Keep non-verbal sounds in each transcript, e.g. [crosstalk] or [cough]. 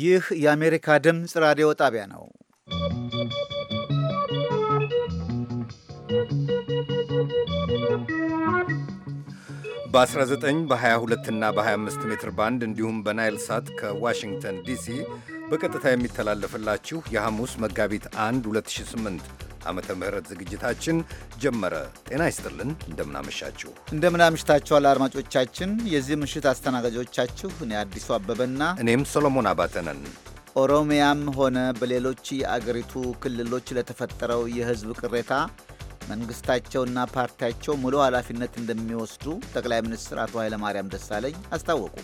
ይህ የአሜሪካ ድምፅ ራዲዮ ጣቢያ ነው። በ19 በ22 እና በ25 ሜትር ባንድ እንዲሁም በናይል ሳት ከዋሽንግተን ዲሲ በቀጥታ የሚተላለፍላችሁ የሐሙስ መጋቢት 1 2008 ዓመተ ምህረት ዝግጅታችን ጀመረ። ጤና ይስጥልን፣ እንደምናመሻችሁ እንደምናምሽታችኋል አድማጮቻችን። የዚህ ምሽት አስተናጋጆቻችሁ እኔ አዲሱ አበበና እኔም ሰሎሞን አባተነን። ኦሮሚያም ሆነ በሌሎች የአገሪቱ ክልሎች ለተፈጠረው የህዝብ ቅሬታ መንግስታቸውና ፓርቲያቸው ሙሉ ኃላፊነት እንደሚወስዱ ጠቅላይ ሚኒስትር አቶ ኃይለማርያም ደሳለኝ አስታወቁ።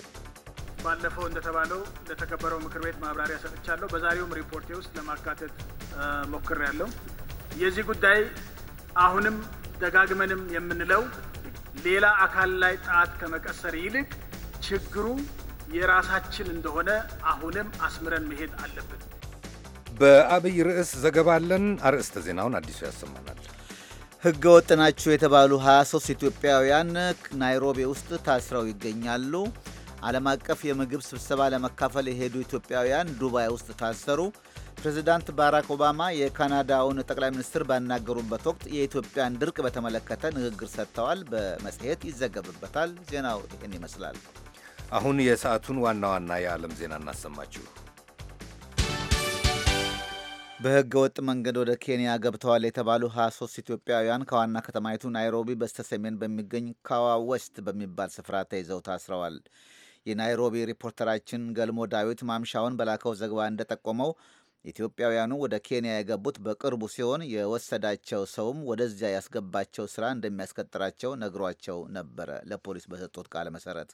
ባለፈው እንደተባለው ለተከበረው ምክር ቤት ማብራሪያ ሰጥቻለሁ። በዛሬውም ሪፖርቴ ውስጥ ለማካተት ሞክሬያለሁ። የዚህ ጉዳይ አሁንም ደጋግመንም የምንለው ሌላ አካል ላይ ጣት ከመቀሰር ይልቅ ችግሩ የራሳችን እንደሆነ አሁንም አስምረን መሄድ አለብን። በአብይ ርዕስ ዘገባ አለን። አርዕስተ ዜናውን አዲሱ ያሰማናል። ሕገ ወጥ ናችሁ የተባሉ 23 ኢትዮጵያውያን ናይሮቢ ውስጥ ታስረው ይገኛሉ። ዓለም አቀፍ የምግብ ስብሰባ ለመካፈል የሄዱ ኢትዮጵያውያን ዱባይ ውስጥ ታሰሩ። ፕሬዚዳንት ባራክ ኦባማ የካናዳውን ጠቅላይ ሚኒስትር ባናገሩበት ወቅት የኢትዮጵያን ድርቅ በተመለከተ ንግግር ሰጥተዋል። በመጽሔት ይዘገብበታል። ዜናው ይህን ይመስላል። አሁን የሰዓቱን ዋና ዋና የዓለም ዜና እናሰማችሁ። በህገ ወጥ መንገድ ወደ ኬንያ ገብተዋል የተባሉ 23 ኢትዮጵያውያን ከዋና ከተማይቱ ናይሮቢ በስተሰሜን በሚገኝ ካዋ ወስት በሚባል ስፍራ ተይዘው ታስረዋል። የናይሮቢ ሪፖርተራችን ገልሞ ዳዊት ማምሻውን በላከው ዘገባ እንደጠቆመው ኢትዮጵያውያኑ ወደ ኬንያ የገቡት በቅርቡ ሲሆን የወሰዳቸው ሰውም ወደዚያ ያስገባቸው ስራ እንደሚያስቀጥራቸው ነግሯቸው ነበረ። ለፖሊስ በሰጡት ቃለ መሰረት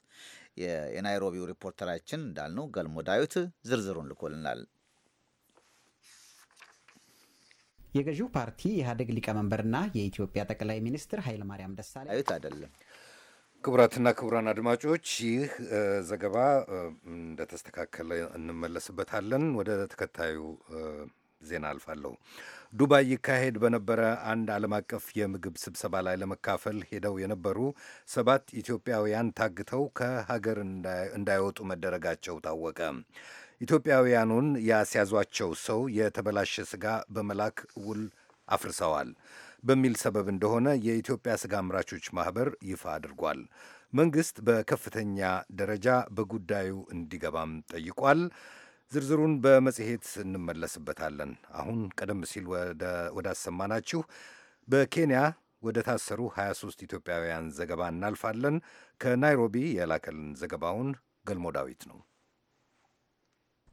የናይሮቢው ሪፖርተራችን እንዳልነው ገልሞ ዳዊት ዝርዝሩን ልኮልናል። የገዢው ፓርቲ ኢህአዴግ ሊቀመንበርና የኢትዮጵያ ጠቅላይ ሚኒስትር ኃይለማርያም ደሳለኝ አይደለም ክቡራትና ክቡራን አድማጮች ይህ ዘገባ እንደተስተካከለ እንመለስበታለን። ወደ ተከታዩ ዜና አልፋለሁ። ዱባይ ይካሄድ በነበረ አንድ ዓለም አቀፍ የምግብ ስብሰባ ላይ ለመካፈል ሄደው የነበሩ ሰባት ኢትዮጵያውያን ታግተው ከሀገር እንዳይወጡ መደረጋቸው ታወቀ። ኢትዮጵያውያኑን ያስያዟቸው ሰው የተበላሸ ስጋ በመላክ ውል አፍርሰዋል። በሚል ሰበብ እንደሆነ የኢትዮጵያ ስጋ አምራቾች ማኅበር ይፋ አድርጓል። መንግሥት በከፍተኛ ደረጃ በጉዳዩ እንዲገባም ጠይቋል። ዝርዝሩን በመጽሔት እንመለስበታለን። አሁን ቀደም ሲል ወዳሰማናችሁ በኬንያ ወደ ታሰሩ 23 ኢትዮጵያውያን ዘገባ እናልፋለን። ከናይሮቢ የላከልን ዘገባውን ገልሞ ዳዊት ነው።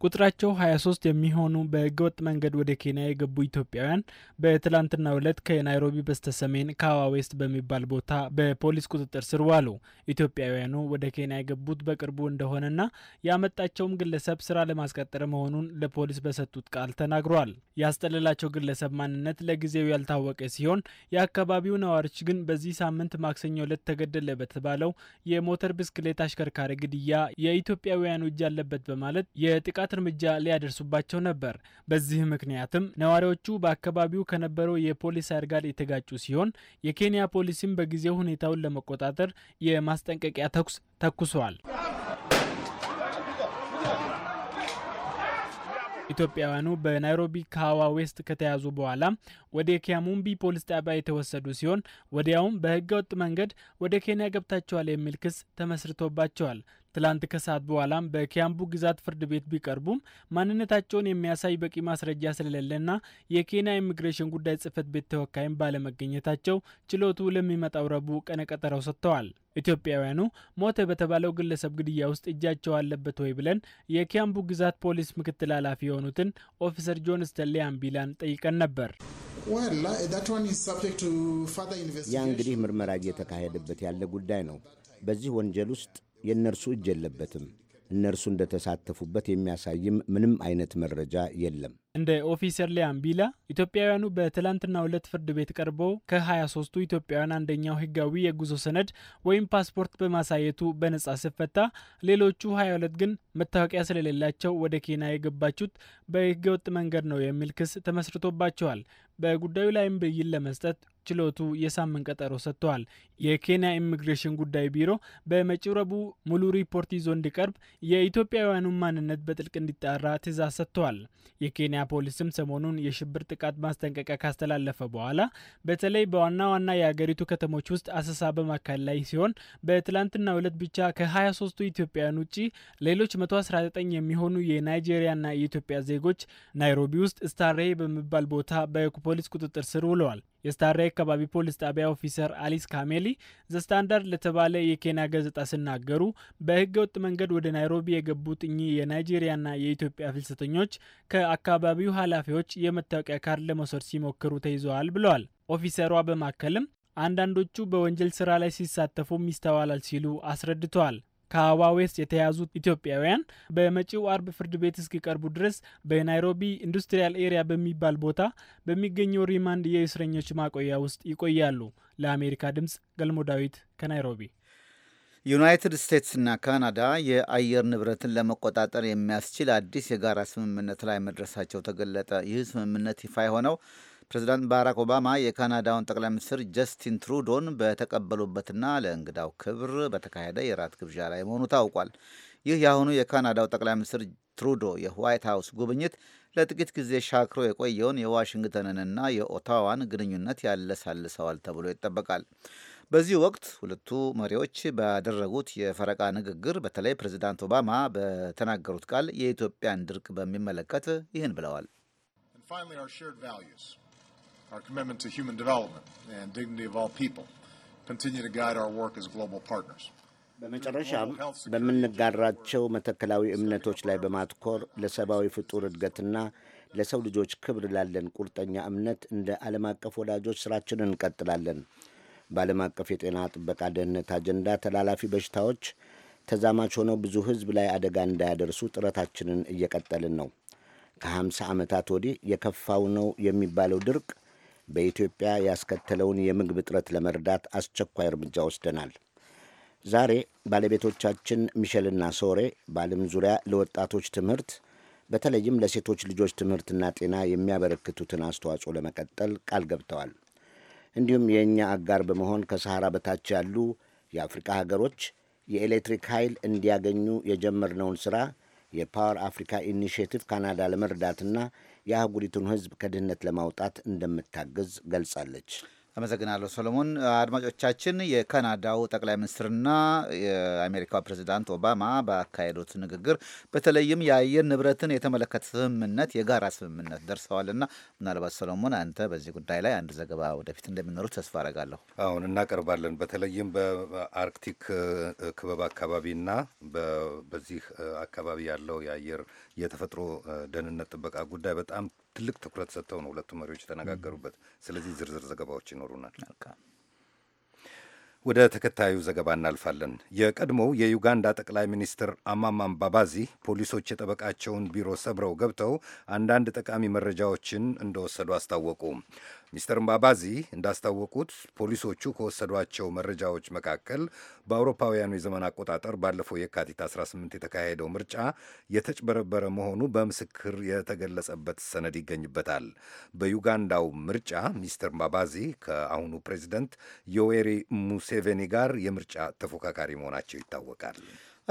ቁጥራቸው 23 የሚሆኑ በህገወጥ መንገድ ወደ ኬንያ የገቡ ኢትዮጵያውያን በትላንትናው ዕለት ከናይሮቢ በስተሰሜን ካዋ ዌስት በሚባል ቦታ በፖሊስ ቁጥጥር ስር ዋሉ። ኢትዮጵያውያኑ ወደ ኬንያ የገቡት በቅርቡ እንደሆነና ያመጣቸውም ግለሰብ ስራ ለማስቀጠር መሆኑን ለፖሊስ በሰጡት ቃል ተናግሯል። ያስጠለላቸው ግለሰብ ማንነት ለጊዜው ያልታወቀ ሲሆን የአካባቢው ነዋሪዎች ግን በዚህ ሳምንት ማክሰኞ ዕለት ተገደለ በተባለው የሞተር ብስክሌት አሽከርካሪ ግድያ የኢትዮጵያውያኑ እጅ አለበት በማለት የጥቃት የቅጣት እርምጃ ሊያደርሱባቸው ነበር። በዚህ ምክንያትም ነዋሪዎቹ በአካባቢው ከነበረው የፖሊስ ኃይል ጋር የተጋጩ ሲሆን የኬንያ ፖሊስም በጊዜው ሁኔታውን ለመቆጣጠር የማስጠንቀቂያ ተኩስ ተኩሰዋል። ኢትዮጵያውያኑ በናይሮቢ ካዋ ዌስት ከተያዙ በኋላ ወደ ኪያሙምቢ ፖሊስ ጣቢያ የተወሰዱ ሲሆን ወዲያውም በህገወጥ ወጥ መንገድ ወደ ኬንያ ገብታቸዋል የሚል ክስ ተመስርቶባቸዋል። ትላንት ከሰዓት በኋላም በኪያምቡ ግዛት ፍርድ ቤት ቢቀርቡም ማንነታቸውን የሚያሳይ በቂ ማስረጃ ስለሌለና የኬንያ ኢሚግሬሽን ጉዳይ ጽህፈት ቤት ተወካይም ባለመገኘታቸው ችሎቱ ለሚመጣው ረቡዕ ቀነ ሰጥተዋል። ኢትዮጵያውያኑ ሞተ በተባለው ግለሰብ ግድያ ውስጥ እጃቸው አለበት ወይ ብለን የኪያምቡ ግዛት ፖሊስ ምክትል ኃላፊ የሆኑትን ኦፊሰር ጆን ስተሌ አምቢላን ጠይቀን ነበር። uh, ያ እንግዲህ ምርመራ እየተካሄደበት ያለ ጉዳይ ነው። በዚህ ወንጀል ውስጥ የእነርሱ እጅ የለበትም። እነርሱ እንደተሳተፉበት የሚያሳይም ምንም አይነት መረጃ የለም። እንደ ኦፊሰር ሊያምቢላ ኢትዮጵያውያኑ በትላንትና ሁለት ፍርድ ቤት ቀርቦ ከ23ቱ ኢትዮጵያውያን አንደኛው ህጋዊ የጉዞ ሰነድ ወይም ፓስፖርት በማሳየቱ በነጻ ሲፈታ፣ ሌሎቹ 22 ግን መታወቂያ ስለሌላቸው ወደ ኬንያ የገባችሁት በህገወጥ ወጥ መንገድ ነው የሚል ክስ ተመስርቶባቸዋል። በጉዳዩ ላይም ብይን ለመስጠት ችሎቱ የሳምንት ቀጠሮ ሰጥተዋል። የኬንያ ኢሚግሬሽን ጉዳይ ቢሮ በመጪው ረቡዕ ሙሉ ሪፖርት ይዞ እንዲቀርብ የኢትዮጵያውያኑን ማንነት በጥልቅ እንዲጣራ ትዕዛዝ ሰጥተዋል። የኬንያ ፖሊስም ሰሞኑን የሽብር ጥቃት ማስጠንቀቂያ ካስተላለፈ በኋላ በተለይ በዋና ዋና የአገሪቱ ከተሞች ውስጥ አሰሳ በማካሄድ ላይ ሲሆን በትላንትናው ዕለት ብቻ ከ23ቱ ኢትዮጵያውያን ውጭ ሌሎች 119 የሚሆኑ የናይጄሪያና የኢትዮጵያ ዜጎች ናይሮቢ ውስጥ ስታሬ በሚባል ቦታ በኩ በፖሊስ ቁጥጥር ስር ውለዋል። የስታራ አካባቢ ፖሊስ ጣቢያ ኦፊሰር አሊስ ካሜሊ ዘስታንዳርድ ለተባለ የኬንያ ጋዜጣ ሲናገሩ በህገ ወጥ መንገድ ወደ ናይሮቢ የገቡት እኚህ የናይጄሪያና የኢትዮጵያ ፍልሰተኞች ከአካባቢው ኃላፊዎች የመታወቂያ ካርድ ለመውሰድ ሲሞክሩ ተይዘዋል ብለዋል። ኦፊሰሯ በማከልም አንዳንዶቹ በወንጀል ስራ ላይ ሲሳተፉም ይስተዋላል ሲሉ አስረድተዋል። ከአዋ ዌስት የተያዙት ኢትዮጵያውያን በመጪው አርብ ፍርድ ቤት እስኪቀርቡ ድረስ በናይሮቢ ኢንዱስትሪያል ኤሪያ በሚባል ቦታ በሚገኘው ሪማንድ የእስረኞች ማቆያ ውስጥ ይቆያሉ። ለአሜሪካ ድምፅ ገልሞ ዳዊት ከናይሮቢ። ዩናይትድ ስቴትስና ካናዳ የአየር ንብረትን ለመቆጣጠር የሚያስችል አዲስ የጋራ ስምምነት ላይ መድረሳቸው ተገለጠ። ይህ ስምምነት ይፋ የሆነው ፕሬዚዳንት ባራክ ኦባማ የካናዳውን ጠቅላይ ሚኒስትር ጀስቲን ትሩዶን በተቀበሉበትና ለእንግዳው ክብር በተካሄደ የራት ግብዣ ላይ መሆኑ ታውቋል። ይህ የአሁኑ የካናዳው ጠቅላይ ሚኒስትር ትሩዶ የዋይት ሀውስ ጉብኝት ለጥቂት ጊዜ ሻክሮ የቆየውን የዋሽንግተንንና የኦታዋን ግንኙነት ያለሳልሰዋል ተብሎ ይጠበቃል። በዚህ ወቅት ሁለቱ መሪዎች ባደረጉት የፈረቃ ንግግር በተለይ ፕሬዚዳንት ኦባማ በተናገሩት ቃል የኢትዮጵያን ድርቅ በሚመለከት ይህን ብለዋል። our commitment to human development and dignity of all people continue to guide our work as global partners. በመጨረሻም በምንጋራቸው መተከላዊ እምነቶች ላይ በማትኮር ለሰብአዊ ፍጡር እድገትና ለሰው ልጆች ክብር ላለን ቁርጠኛ እምነት እንደ ዓለም አቀፍ ወዳጆች ሥራችንን እንቀጥላለን። በዓለም አቀፍ የጤና ጥበቃ ደህንነት አጀንዳ ተላላፊ በሽታዎች ተዛማች ሆነው ብዙ ሕዝብ ላይ አደጋ እንዳያደርሱ ጥረታችንን እየቀጠልን ነው። ከ50 ዓመታት ወዲህ የከፋው ነው የሚባለው ድርቅ በኢትዮጵያ ያስከተለውን የምግብ እጥረት ለመርዳት አስቸኳይ እርምጃ ወስደናል። ዛሬ ባለቤቶቻችን ሚሸልና ሶሬ በዓለም ዙሪያ ለወጣቶች ትምህርት በተለይም ለሴቶች ልጆች ትምህርትና ጤና የሚያበረክቱትን አስተዋጽኦ ለመቀጠል ቃል ገብተዋል። እንዲሁም የእኛ አጋር በመሆን ከሰሃራ በታች ያሉ የአፍሪካ ሀገሮች የኤሌክትሪክ ኃይል እንዲያገኙ የጀመርነውን ሥራ የፓወር አፍሪካ ኢኒሽቲቭ ካናዳ ለመርዳትና የአህጉሪቱን ሕዝብ ከድህነት ለማውጣት እንደምታግዝ ገልጻለች። አመሰግናለሁ ሰሎሞን። አድማጮቻችን የካናዳው ጠቅላይ ሚኒስትርና የአሜሪካው ፕሬዚዳንት ኦባማ በአካሄዱት ንግግር በተለይም የአየር ንብረትን የተመለከተ ስምምነት የጋራ ስምምነት ደርሰዋልና ምናልባት ሰሎሞን አንተ በዚህ ጉዳይ ላይ አንድ ዘገባ ወደፊት እንደሚኖሩ ተስፋ አረጋለሁ። አሁን እናቀርባለን። በተለይም በአርክቲክ ክበብ አካባቢና በዚህ አካባቢ ያለው የአየር የተፈጥሮ ደህንነት ጥበቃ ጉዳይ በጣም ትልቅ ትኩረት ሰጥተው ነው ሁለቱ መሪዎች የተነጋገሩበት። ስለዚህ ዝርዝር ዘገባዎች ይኖሩናል። ወደ ተከታዩ ዘገባ እናልፋለን። የቀድሞው የዩጋንዳ ጠቅላይ ሚኒስትር አማማም ባባዚ ፖሊሶች የጠበቃቸውን ቢሮ ሰብረው ገብተው አንዳንድ ጠቃሚ መረጃዎችን እንደወሰዱ አስታወቁ። ሚስተር ምባባዚ እንዳስታወቁት ፖሊሶቹ ከወሰዷቸው መረጃዎች መካከል በአውሮፓውያኑ የዘመን አቆጣጠር ባለፈው የካቲት 18 የተካሄደው ምርጫ የተጭበረበረ መሆኑ በምስክር የተገለጸበት ሰነድ ይገኝበታል። በዩጋንዳው ምርጫ ሚስተር ምባባዚ ከአሁኑ ፕሬዚደንት ዮዌሪ ሙሴቬኒ ጋር የምርጫ ተፎካካሪ መሆናቸው ይታወቃል።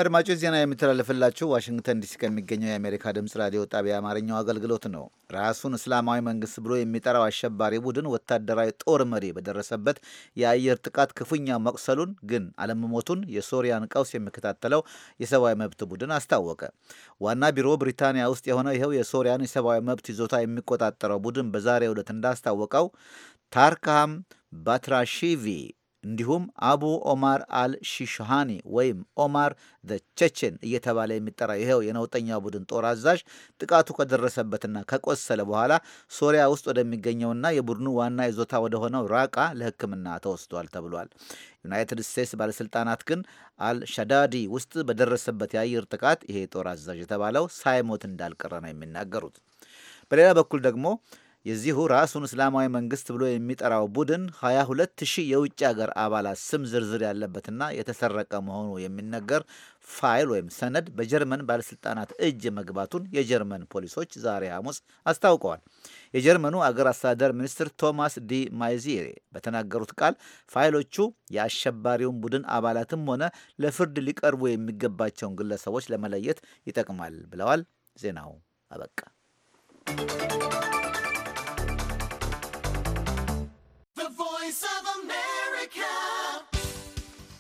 አድማጮች ዜና የሚተላለፍላችሁ ዋሽንግተን ዲሲ ከሚገኘው የአሜሪካ ድምፅ ራዲዮ ጣቢያ አማርኛው አገልግሎት ነው። ራሱን እስላማዊ መንግስት ብሎ የሚጠራው አሸባሪ ቡድን ወታደራዊ ጦር መሪ በደረሰበት የአየር ጥቃት ክፉኛ መቁሰሉን ግን አለመሞቱን የሶሪያን ቀውስ የሚከታተለው የሰብአዊ መብት ቡድን አስታወቀ። ዋና ቢሮ ብሪታንያ ውስጥ የሆነው ይኸው የሶሪያን የሰብአዊ መብት ይዞታ የሚቆጣጠረው ቡድን በዛሬው ዕለት እንዳስታወቀው ታርካም ባትራሺቪ እንዲሁም አቡ ኦማር አል ሺሽሃኒ ወይም ኦማር ዘ ቼቼን እየተባለ የሚጠራው ይኸው የነውጠኛው ቡድን ጦር አዛዥ ጥቃቱ ከደረሰበትና ከቆሰለ በኋላ ሶሪያ ውስጥ ወደሚገኘውና የቡድኑ ዋና ይዞታ ወደሆነው ራቃ ለሕክምና ተወስዷል ተብሏል። ዩናይትድ ስቴትስ ባለስልጣናት ግን አልሻዳዲ ውስጥ በደረሰበት የአየር ጥቃት ይሄ ጦር አዛዥ የተባለው ሳይሞት እንዳልቀረ ነው የሚናገሩት። በሌላ በኩል ደግሞ የዚሁ ራሱን እስላማዊ መንግስት ብሎ የሚጠራው ቡድን 220 የውጭ ሀገር አባላት ስም ዝርዝር ያለበትና የተሰረቀ መሆኑ የሚነገር ፋይል ወይም ሰነድ በጀርመን ባለስልጣናት እጅ መግባቱን የጀርመን ፖሊሶች ዛሬ ሐሙስ አስታውቀዋል። የጀርመኑ አገር አስተዳደር ሚኒስትር ቶማስ ዲ ማይዚሬ በተናገሩት ቃል ፋይሎቹ የአሸባሪውን ቡድን አባላትም ሆነ ለፍርድ ሊቀርቡ የሚገባቸውን ግለሰቦች ለመለየት ይጠቅማል ብለዋል። ዜናው አበቃ።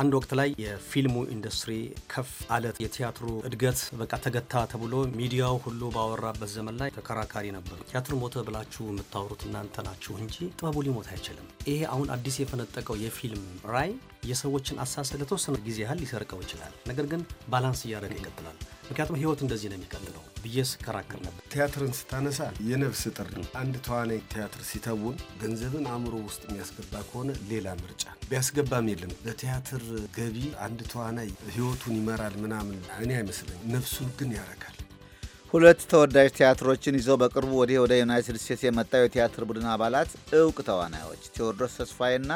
አንድ ወቅት ላይ የፊልሙ ኢንዱስትሪ ከፍ አለት የቲያትሩ እድገት በቃ ተገታ ተብሎ ሚዲያው ሁሉ ባወራበት ዘመን ላይ ተከራካሪ ነበሩ። ቲያትሩ ሞተ ብላችሁ የምታወሩት እናንተ ናችሁ እንጂ ጥበቡ ሊሞት አይችልም። ይሄ አሁን አዲስ የፈነጠቀው የፊልም ራይ? የሰዎችን አሳሰ ለተወሰነ ጊዜ ያህል ሊሰርቀው ይችላል። ነገር ግን ባላንስ እያደረገ ይቀጥላል። ምክንያቱም ህይወት እንደዚህ ነው የሚቀጥለው ብዬ ስከራከር ነበር። ቲያትርን ስታነሳ የነፍስ ጥር ነው። አንድ ተዋናይ ቲያትር ሲተውን ገንዘብን አእምሮ ውስጥ የሚያስገባ ከሆነ ሌላ ምርጫ ቢያስገባም የለም። በቲያትር ገቢ አንድ ተዋናይ ህይወቱን ይመራል ምናምን እኔ አይመስለኝ፣ ነፍሱን ግን ያረካል። ሁለት ተወዳጅ ቲያትሮችን ይዘው በቅርቡ ወዲህ ወደ ዩናይትድ ስቴትስ የመጣው የቲያትር ቡድን አባላት እውቅ ተዋናዮች ቴዎድሮስ ተስፋዬና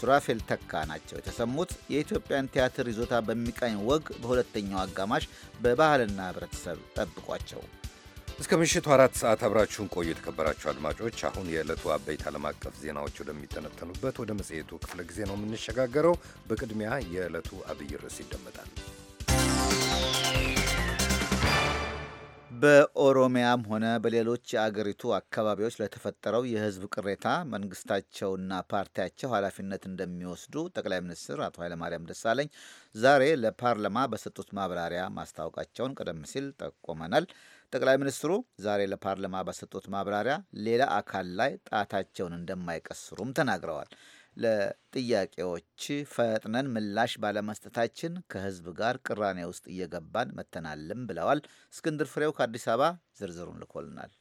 ሱራፌል ተካ ናቸው የተሰሙት። የኢትዮጵያን ቲያትር ይዞታ በሚቃኝ ወግ በሁለተኛው አጋማሽ በባህልና ህብረተሰብ ጠብቋቸው። እስከ ምሽቱ አራት ሰዓት አብራችሁን ቆዩ። የተከበራችሁ አድማጮች፣ አሁን የዕለቱ አበይት ዓለም አቀፍ ዜናዎች ወደሚተነተኑበት ወደ መጽሔቱ ክፍለ ጊዜ ነው የምንሸጋገረው። በቅድሚያ የዕለቱ አብይ ርዕስ ይደመጣል። በኦሮሚያም ሆነ በሌሎች የአገሪቱ አካባቢዎች ለተፈጠረው የህዝብ ቅሬታ መንግስታቸውና ፓርቲያቸው ኃላፊነት እንደሚወስዱ ጠቅላይ ሚኒስትር አቶ ኃይለማርያም ደሳለኝ ዛሬ ለፓርላማ በሰጡት ማብራሪያ ማስታወቃቸውን ቀደም ሲል ጠቁመናል። ጠቅላይ ሚኒስትሩ ዛሬ ለፓርላማ በሰጡት ማብራሪያ ሌላ አካል ላይ ጣታቸውን እንደማይቀስሩም ተናግረዋል። ለጥያቄዎች ፈጥነን ምላሽ ባለመስጠታችን ከህዝብ ጋር ቅራኔ ውስጥ እየገባን መተናልም ብለዋል። እስክንድር ፍሬው ከአዲስ አበባ ዝርዝሩን ልኮልናል።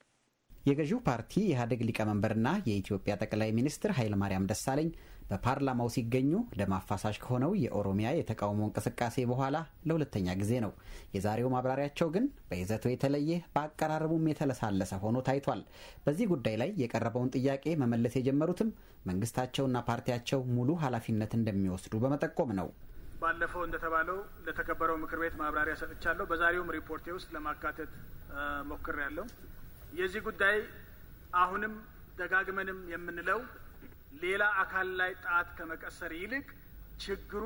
የገዢው ፓርቲ ኢህአዴግ ሊቀመንበርና የኢትዮጵያ ጠቅላይ ሚኒስትር ኃይለማርያም ደሳለኝ በፓርላማው ሲገኙ ደም አፋሳሽ ከሆነው የኦሮሚያ የተቃውሞ እንቅስቃሴ በኋላ ለሁለተኛ ጊዜ ነው። የዛሬው ማብራሪያቸው ግን በይዘቱ የተለየ በአቀራረቡም የተለሳለሰ ሆኖ ታይቷል። በዚህ ጉዳይ ላይ የቀረበውን ጥያቄ መመለስ የጀመሩትም መንግስታቸውና ፓርቲያቸው ሙሉ ኃላፊነት እንደሚወስዱ በመጠቆም ነው። ባለፈው እንደተባለው ለተከበረው ምክር ቤት ማብራሪያ ሰጥቻለሁ። በዛሬውም ሪፖርቴ ውስጥ ለማካተት ሞክሬያለሁ። የዚህ ጉዳይ አሁንም ደጋግመንም የምንለው ሌላ አካል ላይ ጣት ከመቀሰር ይልቅ ችግሩ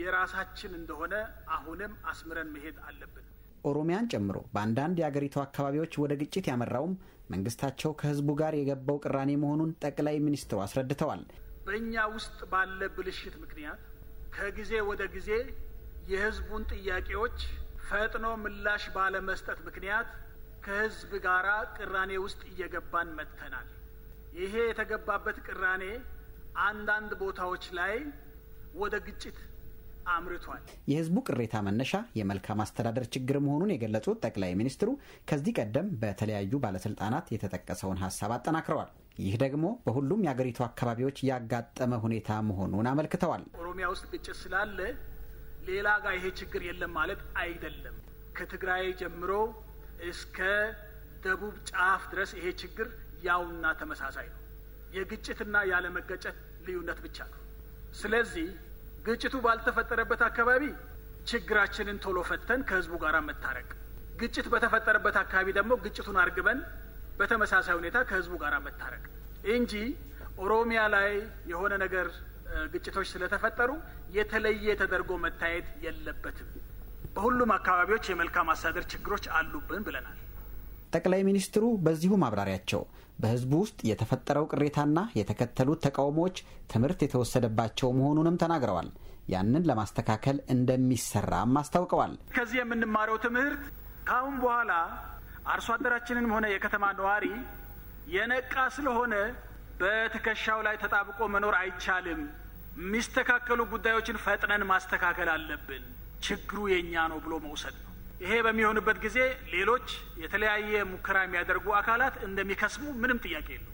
የራሳችን እንደሆነ አሁንም አስምረን መሄድ አለብን። ኦሮሚያን ጨምሮ በአንዳንድ የአገሪቱ አካባቢዎች ወደ ግጭት ያመራውም መንግስታቸው ከህዝቡ ጋር የገባው ቅራኔ መሆኑን ጠቅላይ ሚኒስትሩ አስረድተዋል። በእኛ ውስጥ ባለ ብልሽት ምክንያት ከጊዜ ወደ ጊዜ የህዝቡን ጥያቄዎች ፈጥኖ ምላሽ ባለመስጠት ምክንያት ከህዝብ ጋር ቅራኔ ውስጥ እየገባን መጥተናል። ይሄ የተገባበት ቅራኔ አንዳንድ ቦታዎች ላይ ወደ ግጭት አምርቷል። የህዝቡ ቅሬታ መነሻ የመልካም አስተዳደር ችግር መሆኑን የገለጹት ጠቅላይ ሚኒስትሩ ከዚህ ቀደም በተለያዩ ባለስልጣናት የተጠቀሰውን ሀሳብ አጠናክረዋል። ይህ ደግሞ በሁሉም የአገሪቱ አካባቢዎች ያጋጠመ ሁኔታ መሆኑን አመልክተዋል። ኦሮሚያ ውስጥ ግጭት ስላለ ሌላ ጋር ይሄ ችግር የለም ማለት አይደለም። ከትግራይ ጀምሮ እስከ ደቡብ ጫፍ ድረስ ይሄ ችግር ያውና ተመሳሳይ ነው። የግጭትና ያለመገጨት ልዩነት ብቻ ነው። ስለዚህ ግጭቱ ባልተፈጠረበት አካባቢ ችግራችንን ቶሎ ፈተን ከህዝቡ ጋር መታረቅ፣ ግጭት በተፈጠረበት አካባቢ ደግሞ ግጭቱን አርግበን በተመሳሳይ ሁኔታ ከህዝቡ ጋር መታረቅ እንጂ ኦሮሚያ ላይ የሆነ ነገር ግጭቶች ስለተፈጠሩ የተለየ ተደርጎ መታየት የለበትም። በሁሉም አካባቢዎች የመልካም አስተዳደር ችግሮች አሉብን ብለናል። ጠቅላይ ሚኒስትሩ በዚሁ ማብራሪያቸው በህዝቡ ውስጥ የተፈጠረው ቅሬታና የተከተሉት ተቃውሞዎች ትምህርት የተወሰደባቸው መሆኑንም ተናግረዋል። ያንን ለማስተካከል እንደሚሰራም አስታውቀዋል። ከዚህ የምንማረው ትምህርት ከአሁን በኋላ አርሶ አደራችንም ሆነ የከተማ ነዋሪ የነቃ ስለሆነ በትከሻው ላይ ተጣብቆ መኖር አይቻልም። የሚስተካከሉ ጉዳዮችን ፈጥነን ማስተካከል አለብን። ችግሩ የእኛ ነው ብሎ መውሰድ ነው። ይሄ በሚሆንበት ጊዜ ሌሎች የተለያየ ሙከራ የሚያደርጉ አካላት እንደሚከስሙ ምንም ጥያቄ የለው።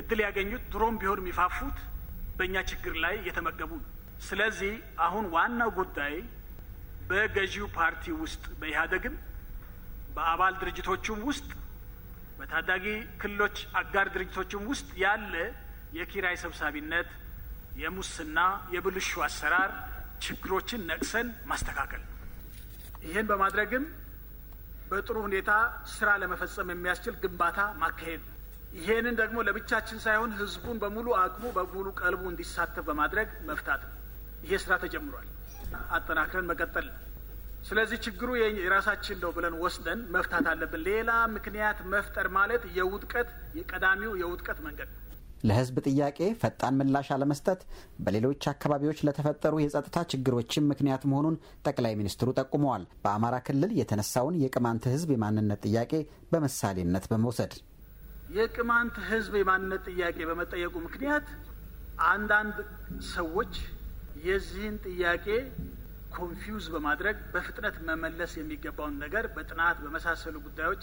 እድል ያገኙት ድሮም ቢሆን የሚፋፉት በእኛ ችግር ላይ እየተመገቡ ነው። ስለዚህ አሁን ዋናው ጉዳይ በገዢው ፓርቲ ውስጥ በኢህአዴግም በአባል ድርጅቶችም ውስጥ በታዳጊ ክልሎች አጋር ድርጅቶችም ውስጥ ያለ የኪራይ ሰብሳቢነት፣ የሙስና፣ የብልሹ አሰራር ችግሮችን ነቅሰን ማስተካከል ነው። ይህን በማድረግም በጥሩ ሁኔታ ስራ ለመፈጸም የሚያስችል ግንባታ ማካሄድ ነው። ይሄንን ደግሞ ለብቻችን ሳይሆን ህዝቡን በሙሉ አቅሙ በሙሉ ቀልቡ እንዲሳተፍ በማድረግ መፍታት ነው። ይሄ ስራ ተጀምሯል፣ አጠናክረን መቀጠል ነው። ስለዚህ ችግሩ የራሳችን ነው ብለን ወስደን መፍታት አለብን። ሌላ ምክንያት መፍጠር ማለት የውጥቀት የቀዳሚው የውጥቀት መንገድ ነው። ለህዝብ ጥያቄ ፈጣን ምላሽ አለመስጠት በሌሎች አካባቢዎች ለተፈጠሩ የጸጥታ ችግሮችም ምክንያት መሆኑን ጠቅላይ ሚኒስትሩ ጠቁመዋል። በአማራ ክልል የተነሳውን የቅማንት ህዝብ የማንነት ጥያቄ በምሳሌነት በመውሰድ የቅማንት ህዝብ የማንነት ጥያቄ በመጠየቁ ምክንያት አንዳንድ ሰዎች የዚህን ጥያቄ ኮንፊውዝ በማድረግ በፍጥነት መመለስ የሚገባውን ነገር በጥናት በመሳሰሉ ጉዳዮች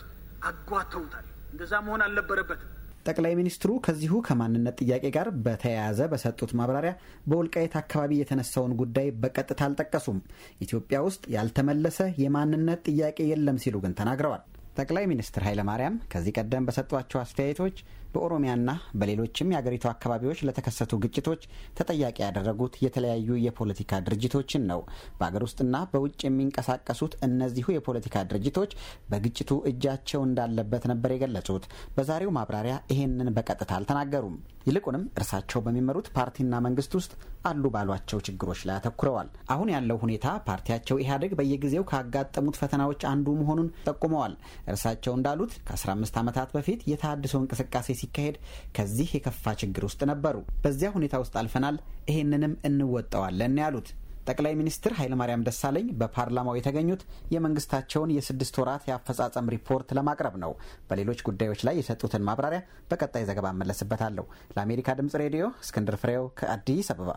አጓተውታል። እንደዛ መሆን አልነበረበትም። ጠቅላይ ሚኒስትሩ ከዚሁ ከማንነት ጥያቄ ጋር በተያያዘ በሰጡት ማብራሪያ በወልቃይት አካባቢ የተነሳውን ጉዳይ በቀጥታ አልጠቀሱም። ኢትዮጵያ ውስጥ ያልተመለሰ የማንነት ጥያቄ የለም ሲሉ ግን ተናግረዋል። ጠቅላይ ሚኒስትር ኃይለማርያም ከዚህ ቀደም በሰጧቸው አስተያየቶች በኦሮሚያና በሌሎችም የአገሪቱ አካባቢዎች ለተከሰቱ ግጭቶች ተጠያቂ ያደረጉት የተለያዩ የፖለቲካ ድርጅቶችን ነው። በአገር ውስጥና በውጭ የሚንቀሳቀሱት እነዚሁ የፖለቲካ ድርጅቶች በግጭቱ እጃቸው እንዳለበት ነበር የገለጹት። በዛሬው ማብራሪያ ይሄንን በቀጥታ አልተናገሩም። ይልቁንም እርሳቸው በሚመሩት ፓርቲና መንግስት ውስጥ አሉ ባሏቸው ችግሮች ላይ አተኩረዋል። አሁን ያለው ሁኔታ ፓርቲያቸው ኢህአዴግ በየጊዜው ካጋጠሙት ፈተናዎች አንዱ መሆኑን ጠቁመዋል። እርሳቸው እንዳሉት ከ15 ዓመታት በፊት የተሃድሶ እንቅስቃሴ ሲካሄድ ከዚህ የከፋ ችግር ውስጥ ነበሩ። በዚያ ሁኔታ ውስጥ አልፈናል፣ ይሄንንም እንወጣዋለን ያሉት ጠቅላይ ሚኒስትር ኃይለማርያም ደሳለኝ በፓርላማው የተገኙት የመንግስታቸውን የስድስት ወራት የአፈጻጸም ሪፖርት ለማቅረብ ነው። በሌሎች ጉዳዮች ላይ የሰጡትን ማብራሪያ በቀጣይ ዘገባ እመለስበታለሁ። ለአሜሪካ ድምጽ ሬዲዮ እስክንድር ፍሬው ከአዲስ አበባ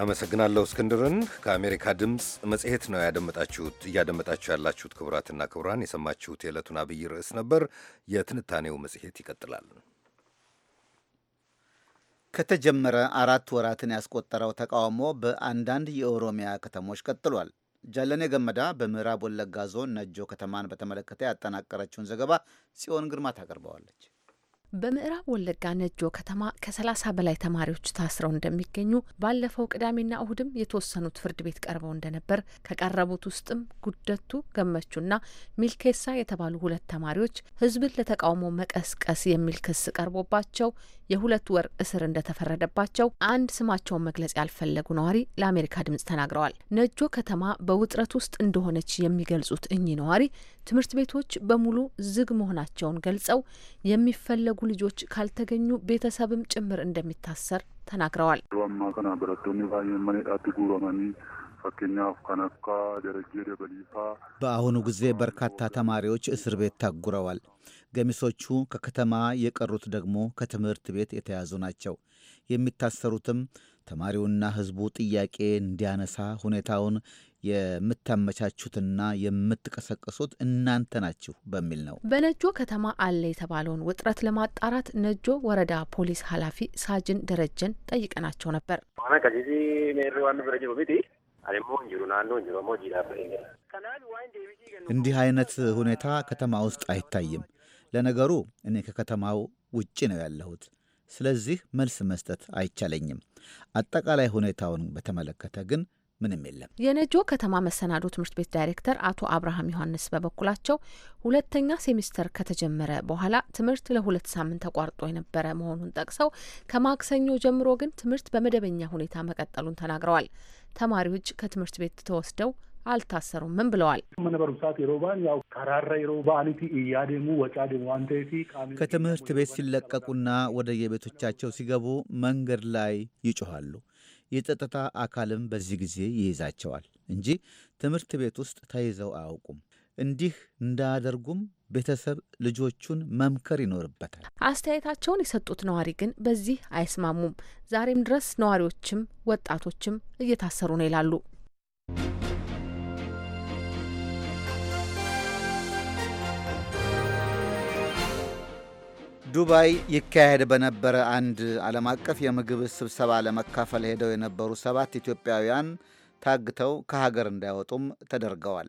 አመሰግናለሁ እስክንድርን። ከአሜሪካ ድምፅ መጽሔት ነው ያደመጣችሁት እያደመጣችሁ ያላችሁት። ክቡራትና ክቡራን የሰማችሁት የዕለቱን አብይ ርዕስ ነበር። የትንታኔው መጽሔት ይቀጥላል። ከተጀመረ አራት ወራትን ያስቆጠረው ተቃውሞ በአንዳንድ የኦሮሚያ ከተሞች ቀጥሏል። ጃለኔ ገመዳ በምዕራብ ወለጋ ዞን ነጆ ከተማን በተመለከተ ያጠናቀረችውን ዘገባ ጽዮን ግርማ ታቀርበዋለች። በምዕራብ ወለጋ ነጆ ከተማ ከሰላሳ በላይ ተማሪዎች ታስረው እንደሚገኙ ባለፈው ቅዳሜና እሁድም የተወሰኑት ፍርድ ቤት ቀርበው እንደነበር ከቀረቡት ውስጥም ጉደቱ ገመቹና ሚልኬሳ የተባሉ ሁለት ተማሪዎች ሕዝብን ለተቃውሞ መቀስቀስ የሚል ክስ ቀርቦባቸው የሁለት ወር እስር እንደተፈረደባቸው አንድ ስማቸውን መግለጽ ያልፈለጉ ነዋሪ ለአሜሪካ ድምጽ ተናግረዋል። ነጆ ከተማ በውጥረት ውስጥ እንደሆነች የሚገልጹት እኚህ ነዋሪ ትምህርት ቤቶች በሙሉ ዝግ መሆናቸውን ገልጸው የሚፈለጉ ልጆች ካልተገኙ ቤተሰብም ጭምር እንደሚታሰር ተናግረዋል። በአሁኑ ጊዜ በርካታ ተማሪዎች እስር ቤት ታጉረዋል። ገሚሶቹ ከከተማ የቀሩት ደግሞ ከትምህርት ቤት የተያዙ ናቸው። የሚታሰሩትም ተማሪውና ሕዝቡ ጥያቄ እንዲያነሳ ሁኔታውን የምታመቻቹትና የምትቀሰቅሱት እናንተ ናችሁ በሚል ነው። በነጆ ከተማ አለ የተባለውን ውጥረት ለማጣራት ነጆ ወረዳ ፖሊስ ኃላፊ ሳጅን ደረጀን ጠይቀናቸው ነበር። እንዲህ አይነት ሁኔታ ከተማ ውስጥ አይታይም። ለነገሩ እኔ ከከተማው ውጭ ነው ያለሁት። ስለዚህ መልስ መስጠት አይቻለኝም። አጠቃላይ ሁኔታውን በተመለከተ ግን ምንም የለም። የነጆ ከተማ መሰናዶ ትምህርት ቤት ዳይሬክተር አቶ አብርሃም ዮሐንስ በበኩላቸው ሁለተኛ ሴሚስተር ከተጀመረ በኋላ ትምህርት ለሁለት ሳምንት ተቋርጦ የነበረ መሆኑን ጠቅሰው ከማክሰኞ ጀምሮ ግን ትምህርት በመደበኛ ሁኔታ መቀጠሉን ተናግረዋል። ተማሪዎች ከትምህርት ቤት ተወስደው ምን ብለዋል። ከትምህርት ቤት ሲለቀቁና ወደ የቤቶቻቸው ሲገቡ መንገድ ላይ ይጮኋሉ። የጸጥታ አካልም በዚህ ጊዜ ይይዛቸዋል እንጂ ትምህርት ቤት ውስጥ ተይዘው አያውቁም። እንዲህ እንዳያደርጉም ቤተሰብ ልጆቹን መምከር ይኖርበታል። አስተያየታቸውን የሰጡት ነዋሪ ግን በዚህ አይስማሙም። ዛሬም ድረስ ነዋሪዎችም ወጣቶችም እየታሰሩ ነው ይላሉ። ዱባይ ይካሄድ በነበረ አንድ ዓለም አቀፍ የምግብ ስብሰባ ለመካፈል ሄደው የነበሩ ሰባት ኢትዮጵያውያን ታግተው ከሀገር እንዳይወጡም ተደርገዋል።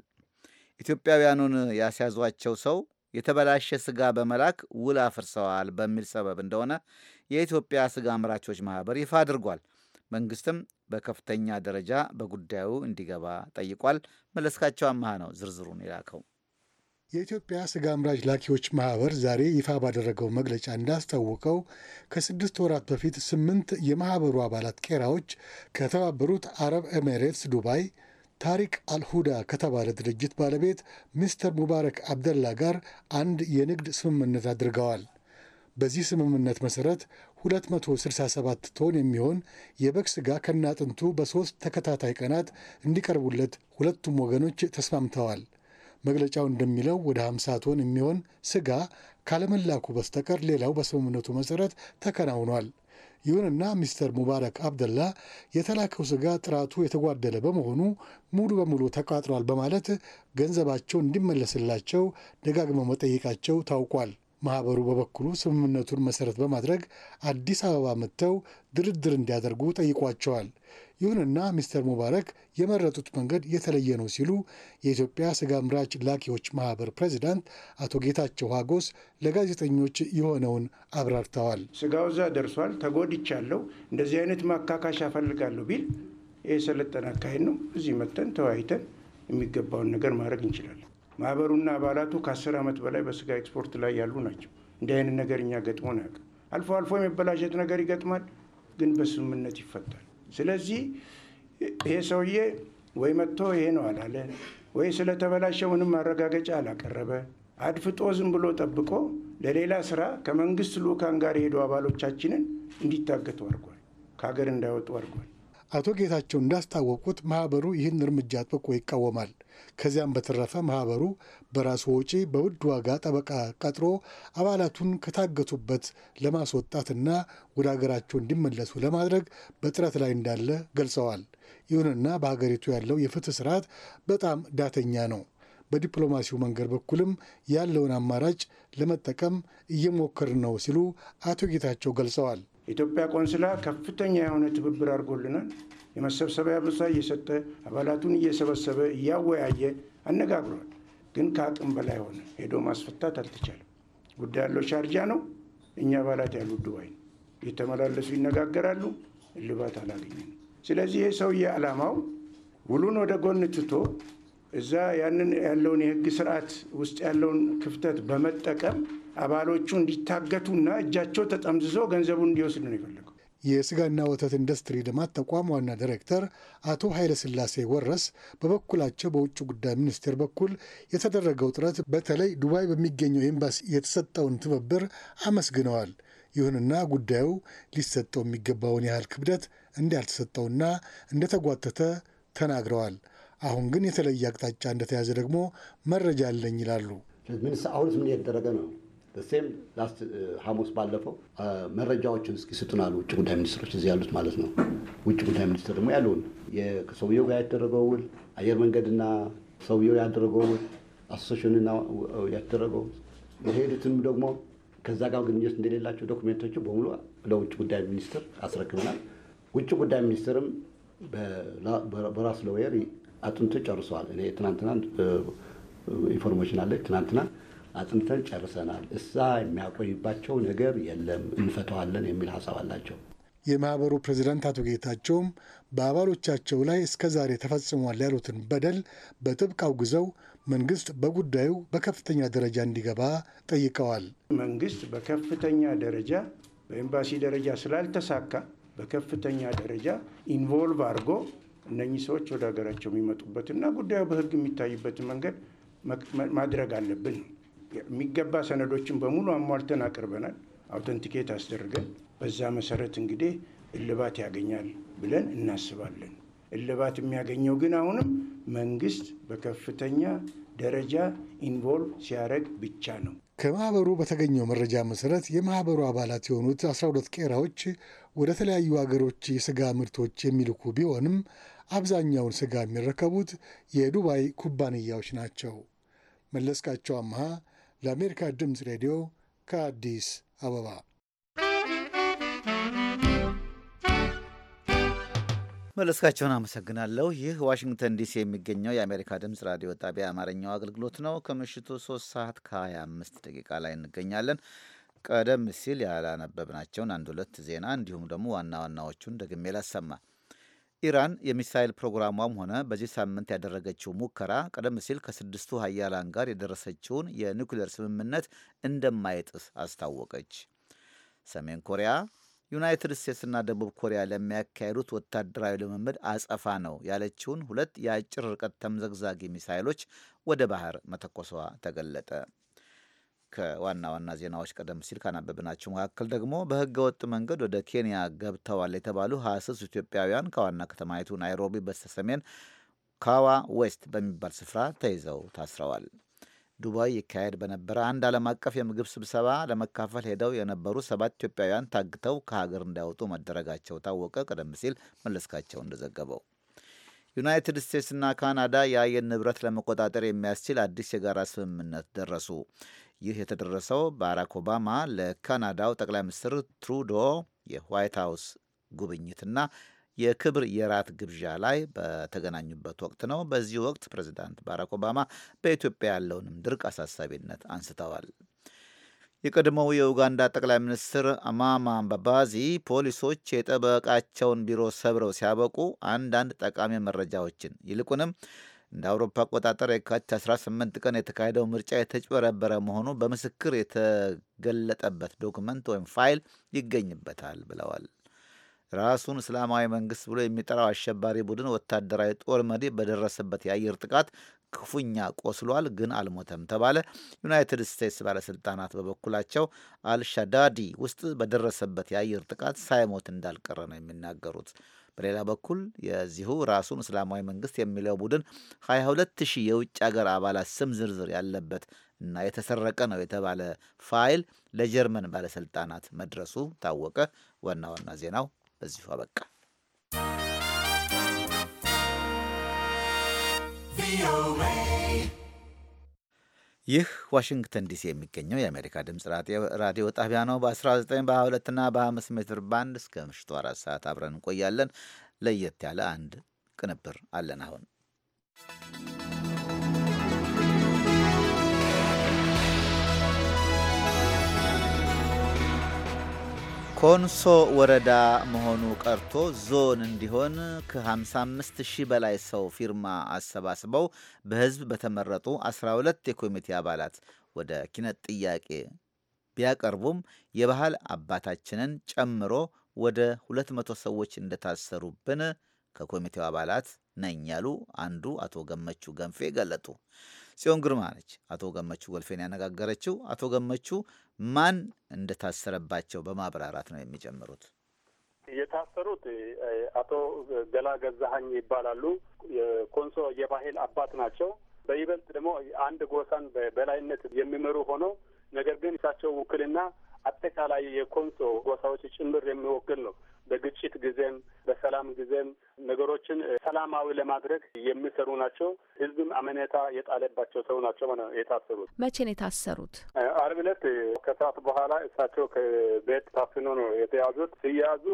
ኢትዮጵያውያኑን ያስያዟቸው ሰው የተበላሸ ስጋ በመላክ ውል አፍርሰዋል በሚል ሰበብ እንደሆነ የኢትዮጵያ ስጋ አምራቾች ማህበር ይፋ አድርጓል። መንግስትም በከፍተኛ ደረጃ በጉዳዩ እንዲገባ ጠይቋል። መለስካቸው አመሃ ነው ዝርዝሩን የላከው። የኢትዮጵያ ስጋ አምራች ላኪዎች ማህበር ዛሬ ይፋ ባደረገው መግለጫ እንዳስታወቀው ከስድስት ወራት በፊት ስምንት የማህበሩ አባላት ቄራዎች ከተባበሩት አረብ ኤሜሬትስ ዱባይ ታሪክ አልሁዳ ከተባለ ድርጅት ባለቤት ሚስተር ሙባረክ አብደላ ጋር አንድ የንግድ ስምምነት አድርገዋል። በዚህ ስምምነት መሠረት 267 ቶን የሚሆን የበግ ስጋ ከናጥንቱ በሦስት ተከታታይ ቀናት እንዲቀርቡለት ሁለቱም ወገኖች ተስማምተዋል። መግለጫው እንደሚለው ወደ 50 ቶን የሚሆን ስጋ ካለመላኩ በስተቀር ሌላው በስምምነቱ መሠረት ተከናውኗል። ይሁንና ሚስተር ሙባረክ አብደላ የተላከው ስጋ ጥራቱ የተጓደለ በመሆኑ ሙሉ በሙሉ ተቃጥሏል በማለት ገንዘባቸው እንዲመለስላቸው ደጋግመው መጠየቃቸው ታውቋል። ማህበሩ በበኩሉ ስምምነቱን መሰረት በማድረግ አዲስ አበባ መጥተው ድርድር እንዲያደርጉ ጠይቋቸዋል። ይሁንና ሚስተር ሙባረክ የመረጡት መንገድ የተለየ ነው ሲሉ የኢትዮጵያ ስጋ አምራች ላኪዎች ማህበር ፕሬዚዳንት አቶ ጌታቸው ሀጎስ ለጋዜጠኞች የሆነውን አብራርተዋል። ስጋው እዛ ደርሷል፣ ተጎድቻለሁ፣ እንደዚህ አይነት ማካካሻ አፈልጋለሁ ቢል የሰለጠነ አካሄድ ነው። እዚህ መጥተን ተወያይተን የሚገባውን ነገር ማድረግ እንችላለን። ማህበሩና አባላቱ ከአስር ዓመት በላይ በስጋ ኤክስፖርት ላይ ያሉ ናቸው። እንዲህ አይነት ነገር እኛ ገጥሞን አያውቅም። አልፎ አልፎ የመበላሸት ነገር ይገጥማል፣ ግን በስምምነት ይፈታል። ስለዚህ ይሄ ሰውዬ ወይ መጥቶ ይሄ ነው አላለ፣ ወይ ስለተበላሸ ምንም ማረጋገጫ አላቀረበ። አድፍጦ ዝም ብሎ ጠብቆ ለሌላ ስራ ከመንግስት ልኡካን ጋር የሄዱ አባሎቻችንን እንዲታገቱ አድርጓል። ከሀገር እንዳይወጡ አድርጓል። አቶ ጌታቸው እንዳስታወቁት ማህበሩ ይህን እርምጃ አጥብቆ ይቃወማል። ከዚያም በተረፈ ማህበሩ በራሱ ወጪ በውድ ዋጋ ጠበቃ ቀጥሮ አባላቱን ከታገቱበት ለማስወጣትና ወደ አገራቸው እንዲመለሱ ለማድረግ በጥረት ላይ እንዳለ ገልጸዋል። ይሁንና በሀገሪቱ ያለው የፍትህ ስርዓት በጣም ዳተኛ ነው። በዲፕሎማሲው መንገድ በኩልም ያለውን አማራጭ ለመጠቀም እየሞከርን ነው ሲሉ አቶ ጌታቸው ገልጸዋል። የኢትዮጵያ ቆንስላ ከፍተኛ የሆነ ትብብር አድርጎልናል። የመሰብሰቢያ ብሳ እየሰጠ አባላቱን እየሰበሰበ እያወያየ አነጋግሯል። ግን ከአቅም በላይ ሆነ፣ ሄዶ ማስፈታት አልተቻለም። ጉዳይ ያለው ሻርጃ ነው። እኛ አባላት ያሉ ዱባይ ነው። እየተመላለሱ ይነጋገራሉ። እልባት አላገኘንም። ስለዚህ ይህ ሰውዬ ዓላማው ውሉን ወደ ጎን ትቶ እዛ ያንን ያለውን የህግ ስርዓት ውስጥ ያለውን ክፍተት በመጠቀም አባሎቹ እንዲታገቱና እጃቸው ተጠምዝዞ ገንዘቡን እንዲወስዱ ነው የፈለገው። የስጋና ወተት ኢንዱስትሪ ልማት ተቋም ዋና ዲሬክተር አቶ ኃይለስላሴ ወረስ በበኩላቸው በውጭ ጉዳይ ሚኒስቴር በኩል የተደረገው ጥረት በተለይ ዱባይ በሚገኘው ኤምባሲ የተሰጠውን ትብብር አመስግነዋል። ይሁንና ጉዳዩ ሊሰጠው የሚገባውን ያህል ክብደት እንዳልተሰጠውና እንደተጓተተ ተናግረዋል። አሁን ግን የተለየ አቅጣጫ እንደተያዘ ደግሞ መረጃ አለኝ ይላሉ። አሁንስ ምን እየተደረገ ነው? ሴም ላስት uh, ሐሙስ ባለፈው uh, መረጃዎችን እስኪ አሉ ውጭ ጉዳይ ሚኒስትሮች እዚህ ያሉት ማለት ነው። ውጭ ጉዳይ ሚኒስትር ደግሞ ያለውን ከሰውየው ጋር ያደረገው ውል፣ አየር መንገድና ሰውየው ያደረገው ውል፣ አሶሴሽንና ያደረገው የሄዱትም ደግሞ ከዛ ጋር ግንኙነት እንደሌላቸው ዶክሜንቶቹ በሙሉ ለውጭ ጉዳይ ሚኒስትር አስረክብናል። ውጭ ጉዳይ ሚኒስትርም በራስ ለወየር አጥንቶ ጨርሰዋል። እኔ ትናንትና uh, ኢንፎርሜሽን አለ ትናንትና አጥንተን ጨርሰናል። እሳ የሚያቆይባቸው ነገር የለም፣ እንፈተዋለን የሚል ሀሳብ አላቸው። የማህበሩ ፕሬዚዳንት አቶ ጌታቸውም በአባሎቻቸው ላይ እስከ ዛሬ ተፈጽሟል ያሉትን በደል በጥብቅ አውግዘው መንግስት በጉዳዩ በከፍተኛ ደረጃ እንዲገባ ጠይቀዋል። መንግስት በከፍተኛ ደረጃ በኤምባሲ ደረጃ ስላልተሳካ በከፍተኛ ደረጃ ኢንቮልቭ አድርጎ እነኚህ ሰዎች ወደ ሀገራቸው የሚመጡበትና ጉዳዩ በህግ የሚታይበትን መንገድ ማድረግ አለብን። የሚገባ ሰነዶችን በሙሉ አሟልተን አቅርበናል። አውተንቲኬት አስደርገን በዛ መሰረት እንግዲህ እልባት ያገኛል ብለን እናስባለን። እልባት የሚያገኘው ግን አሁንም መንግስት በከፍተኛ ደረጃ ኢንቮልቭ ሲያደርግ ብቻ ነው። ከማህበሩ በተገኘው መረጃ መሰረት የማህበሩ አባላት የሆኑት 12 ቄራዎች ወደ ተለያዩ ሀገሮች የስጋ ምርቶች የሚልኩ ቢሆንም አብዛኛውን ስጋ የሚረከቡት የዱባይ ኩባንያዎች ናቸው። መለስካቸው አምሃ ለአሜሪካ ድምፅ ሬዲዮ ከአዲስ አበባ መለስካቸውን አመሰግናለሁ። ይህ ዋሽንግተን ዲሲ የሚገኘው የአሜሪካ ድምፅ ራዲዮ ጣቢያ አማርኛው አገልግሎት ነው። ከምሽቱ 3 ሰዓት ከ25 ደቂቃ ላይ እንገኛለን። ቀደም ሲል ያላነበብናቸውን አንድ ሁለት ዜና እንዲሁም ደግሞ ዋና ዋናዎቹን ደግሜ ላሰማ። ኢራን የሚሳይል ፕሮግራሟም ሆነ በዚህ ሳምንት ያደረገችው ሙከራ ቀደም ሲል ከስድስቱ ሀያላን ጋር የደረሰችውን የኒኩሌር ስምምነት እንደማይጥስ አስታወቀች። ሰሜን ኮሪያ ዩናይትድ ስቴትስና ደቡብ ኮሪያ ለሚያካሄዱት ወታደራዊ ልምምድ አጸፋ ነው ያለችውን ሁለት የአጭር ርቀት ተምዘግዛጊ ሚሳይሎች ወደ ባህር መተኮሷ ተገለጠ። ከዋና ዋና ዜናዎች ቀደም ሲል ካናበብናቸው መካከል ደግሞ በህገ ወጥ መንገድ ወደ ኬንያ ገብተዋል የተባሉ 26 ኢትዮጵያውያን ከዋና ከተማይቱ ናይሮቢ በስተሰሜን ካዋ ዌስት በሚባል ስፍራ ተይዘው ታስረዋል። ዱባይ ይካሄድ በነበረ አንድ ዓለም አቀፍ የምግብ ስብሰባ ለመካፈል ሄደው የነበሩ ሰባት ኢትዮጵያውያን ታግተው ከሀገር እንዳይወጡ መደረጋቸው ታወቀ። ቀደም ሲል መለስካቸው እንደዘገበው ዩናይትድ ስቴትስና ካናዳ የአየር ንብረት ለመቆጣጠር የሚያስችል አዲስ የጋራ ስምምነት ደረሱ። ይህ የተደረሰው ባራክ ኦባማ ለካናዳው ጠቅላይ ሚኒስትር ትሩዶ የዋይት ሀውስ ጉብኝትና የክብር የራት ግብዣ ላይ በተገናኙበት ወቅት ነው። በዚህ ወቅት ፕሬዚዳንት ባራክ ኦባማ በኢትዮጵያ ያለውንም ድርቅ አሳሳቢነት አንስተዋል። የቀድሞው የኡጋንዳ ጠቅላይ ሚኒስትር አማማ ምባባዚ ፖሊሶች የጠበቃቸውን ቢሮ ሰብረው ሲያበቁ አንዳንድ ጠቃሚ መረጃዎችን ይልቁንም እንደ አውሮፓ አቆጣጠር የካቲት 18 ቀን የተካሄደው ምርጫ የተጭበረበረ መሆኑ በምስክር የተገለጠበት ዶክመንት ወይም ፋይል ይገኝበታል ብለዋል። ራሱን እስላማዊ መንግስት ብሎ የሚጠራው አሸባሪ ቡድን ወታደራዊ ጦር መሪ በደረሰበት የአየር ጥቃት ክፉኛ ቆስሏል፣ ግን አልሞተም ተባለ። ዩናይትድ ስቴትስ ባለስልጣናት በበኩላቸው አልሻዳዲ ውስጥ በደረሰበት የአየር ጥቃት ሳይሞት እንዳልቀረ ነው የሚናገሩት። በሌላ በኩል የዚሁ ራሱን እስላማዊ መንግስት የሚለው ቡድን 22 ሺህ የውጭ ሀገር አባላት ስም ዝርዝር ያለበት እና የተሰረቀ ነው የተባለ ፋይል ለጀርመን ባለስልጣናት መድረሱ ታወቀ። ዋና ዋና ዜናው በዚሁ አበቃ። ቪኦኤ ይህ ዋሽንግተን ዲሲ የሚገኘው የአሜሪካ ድምፅ ራዲዮ ጣቢያ ነው። በ19 22 እና በ25 ሜትር ባንድ እስከ ምሽቱ አራት ሰዓት አብረን እንቆያለን። ለየት ያለ አንድ ቅንብር አለን አሁን ኮንሶ ወረዳ መሆኑ ቀርቶ ዞን እንዲሆን ከ55 ሺህ በላይ ሰው ፊርማ አሰባስበው በህዝብ በተመረጡ 12 የኮሚቴ አባላት ወደ ኪነት ጥያቄ ቢያቀርቡም የባህል አባታችንን ጨምሮ ወደ 200 ሰዎች እንደታሰሩብን ከኮሚቴው አባላት ነኝ ያሉ አንዱ አቶ ገመቹ ገንፌ ገለጡ። ጽዮን ግርማ ነች አቶ ገመቹ ወልፌን ያነጋገረችው። አቶ ገመቹ ማን እንደታሰረባቸው በማብራራት ነው የሚጀምሩት። የታሰሩት አቶ ገላ ገዛሀኝ ይባላሉ። የኮንሶ የባህል አባት ናቸው። በይበልጥ ደግሞ አንድ ጎሳን በላይነት የሚመሩ ሆኖ ነገር ግን እሳቸው ውክልና አጠቃላይ የኮንሶ ጎሳዎች ጭምር የሚወክል ነው። በግጭት ጊዜም በሰላም ጊዜም ነገሮችን ሰላማዊ ለማድረግ የሚሰሩ ናቸው። ህዝብም አመኔታ የጣለባቸው ሰው ናቸው የታሰሩት። መቼ ነው የታሰሩት? አርብ ዕለት ከሰዓት በኋላ እሳቸው ከቤት ታፍኖ ነው የተያዙት። ሲያዙ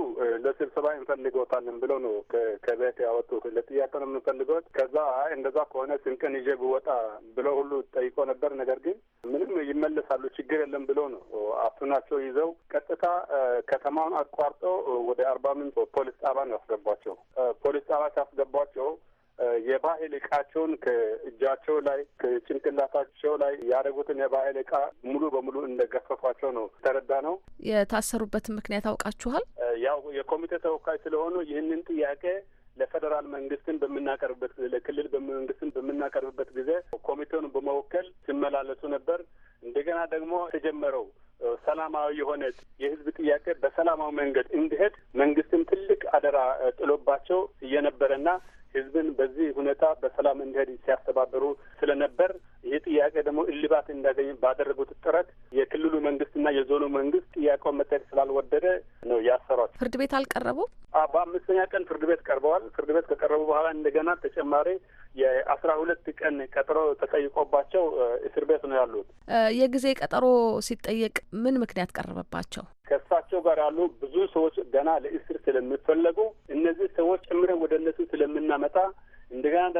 ለስብሰባ እንፈልጎታለን ብለው ነው ከቤት ያወጡት። ለጥያቄ ነው የምንፈልገት። ከዛ እንደዛ ከሆነ ስንቅን ይዤ ብወጣ ብለው ሁሉ ጠይቆ ነበር። ነገር ግን ምንም ይመለሳሉ ችግር የለም ብለው ነው አፍናቸው ይዘው ቀጥታ ከተማውን አቋርጠው ወደ አርባ ምንጭ ፖሊስ ጣቢያ ነው ያስገቧቸው። ፖሊስ ጣቢያ ሲያስገቧቸው የባህል እቃቸውን ከእጃቸው ላይ ከጭንቅላታቸው ላይ ያደረጉትን የባህል እቃ ሙሉ በሙሉ እንደገፈፏቸው ነው የተረዳ ነው። የታሰሩበትን ምክንያት አውቃችኋል? ያው የኮሚቴ ተወካይ ስለሆኑ ይህንን ጥያቄ ለፌዴራል መንግስትን በምናቀርብበት ለክልል መንግስትን በምናቀርብበት ጊዜ ኮሚቴውን በመወከል ሲመላለሱ ነበር። እንደገና ደግሞ የተጀመረው ሰላማዊ የሆነ የህዝብ ጥያቄ በሰላማዊ መንገድ እንዲሄድ መንግስትም ትልቅ አደራ ጥሎባቸው እየነበረና ህዝብን በዚህ ሁኔታ በሰላም እንዲሄድ ሲያስተባበሩ ስለነበር ይህ ጥያቄ ደግሞ እልባት እንዳገኝ ባደረጉት ጥረት የክልሉ መንግስትና የዞኑ መንግስት ጥያቄውን መጠየቅ ስላልወደደ ነው ያሰሯቸው። ፍርድ ቤት አልቀረቡም። በአምስተኛ ቀን ፍርድ ቤት ቀርበዋል። ፍርድ ቤት ከቀረቡ በኋላ እንደገና ተጨማሪ የአስራ ሁለት ቀን ቀጠሮ ተጠይቆባቸው እስር ቤት ነው ያሉት። የጊዜ ቀጠሮ ሲጠየቅ ምን ምክንያት ቀረበባቸው? ከእሳቸው ጋር ያሉ ብዙ ሰዎች ገና ለእስር ስለሚፈለጉ እነዚህ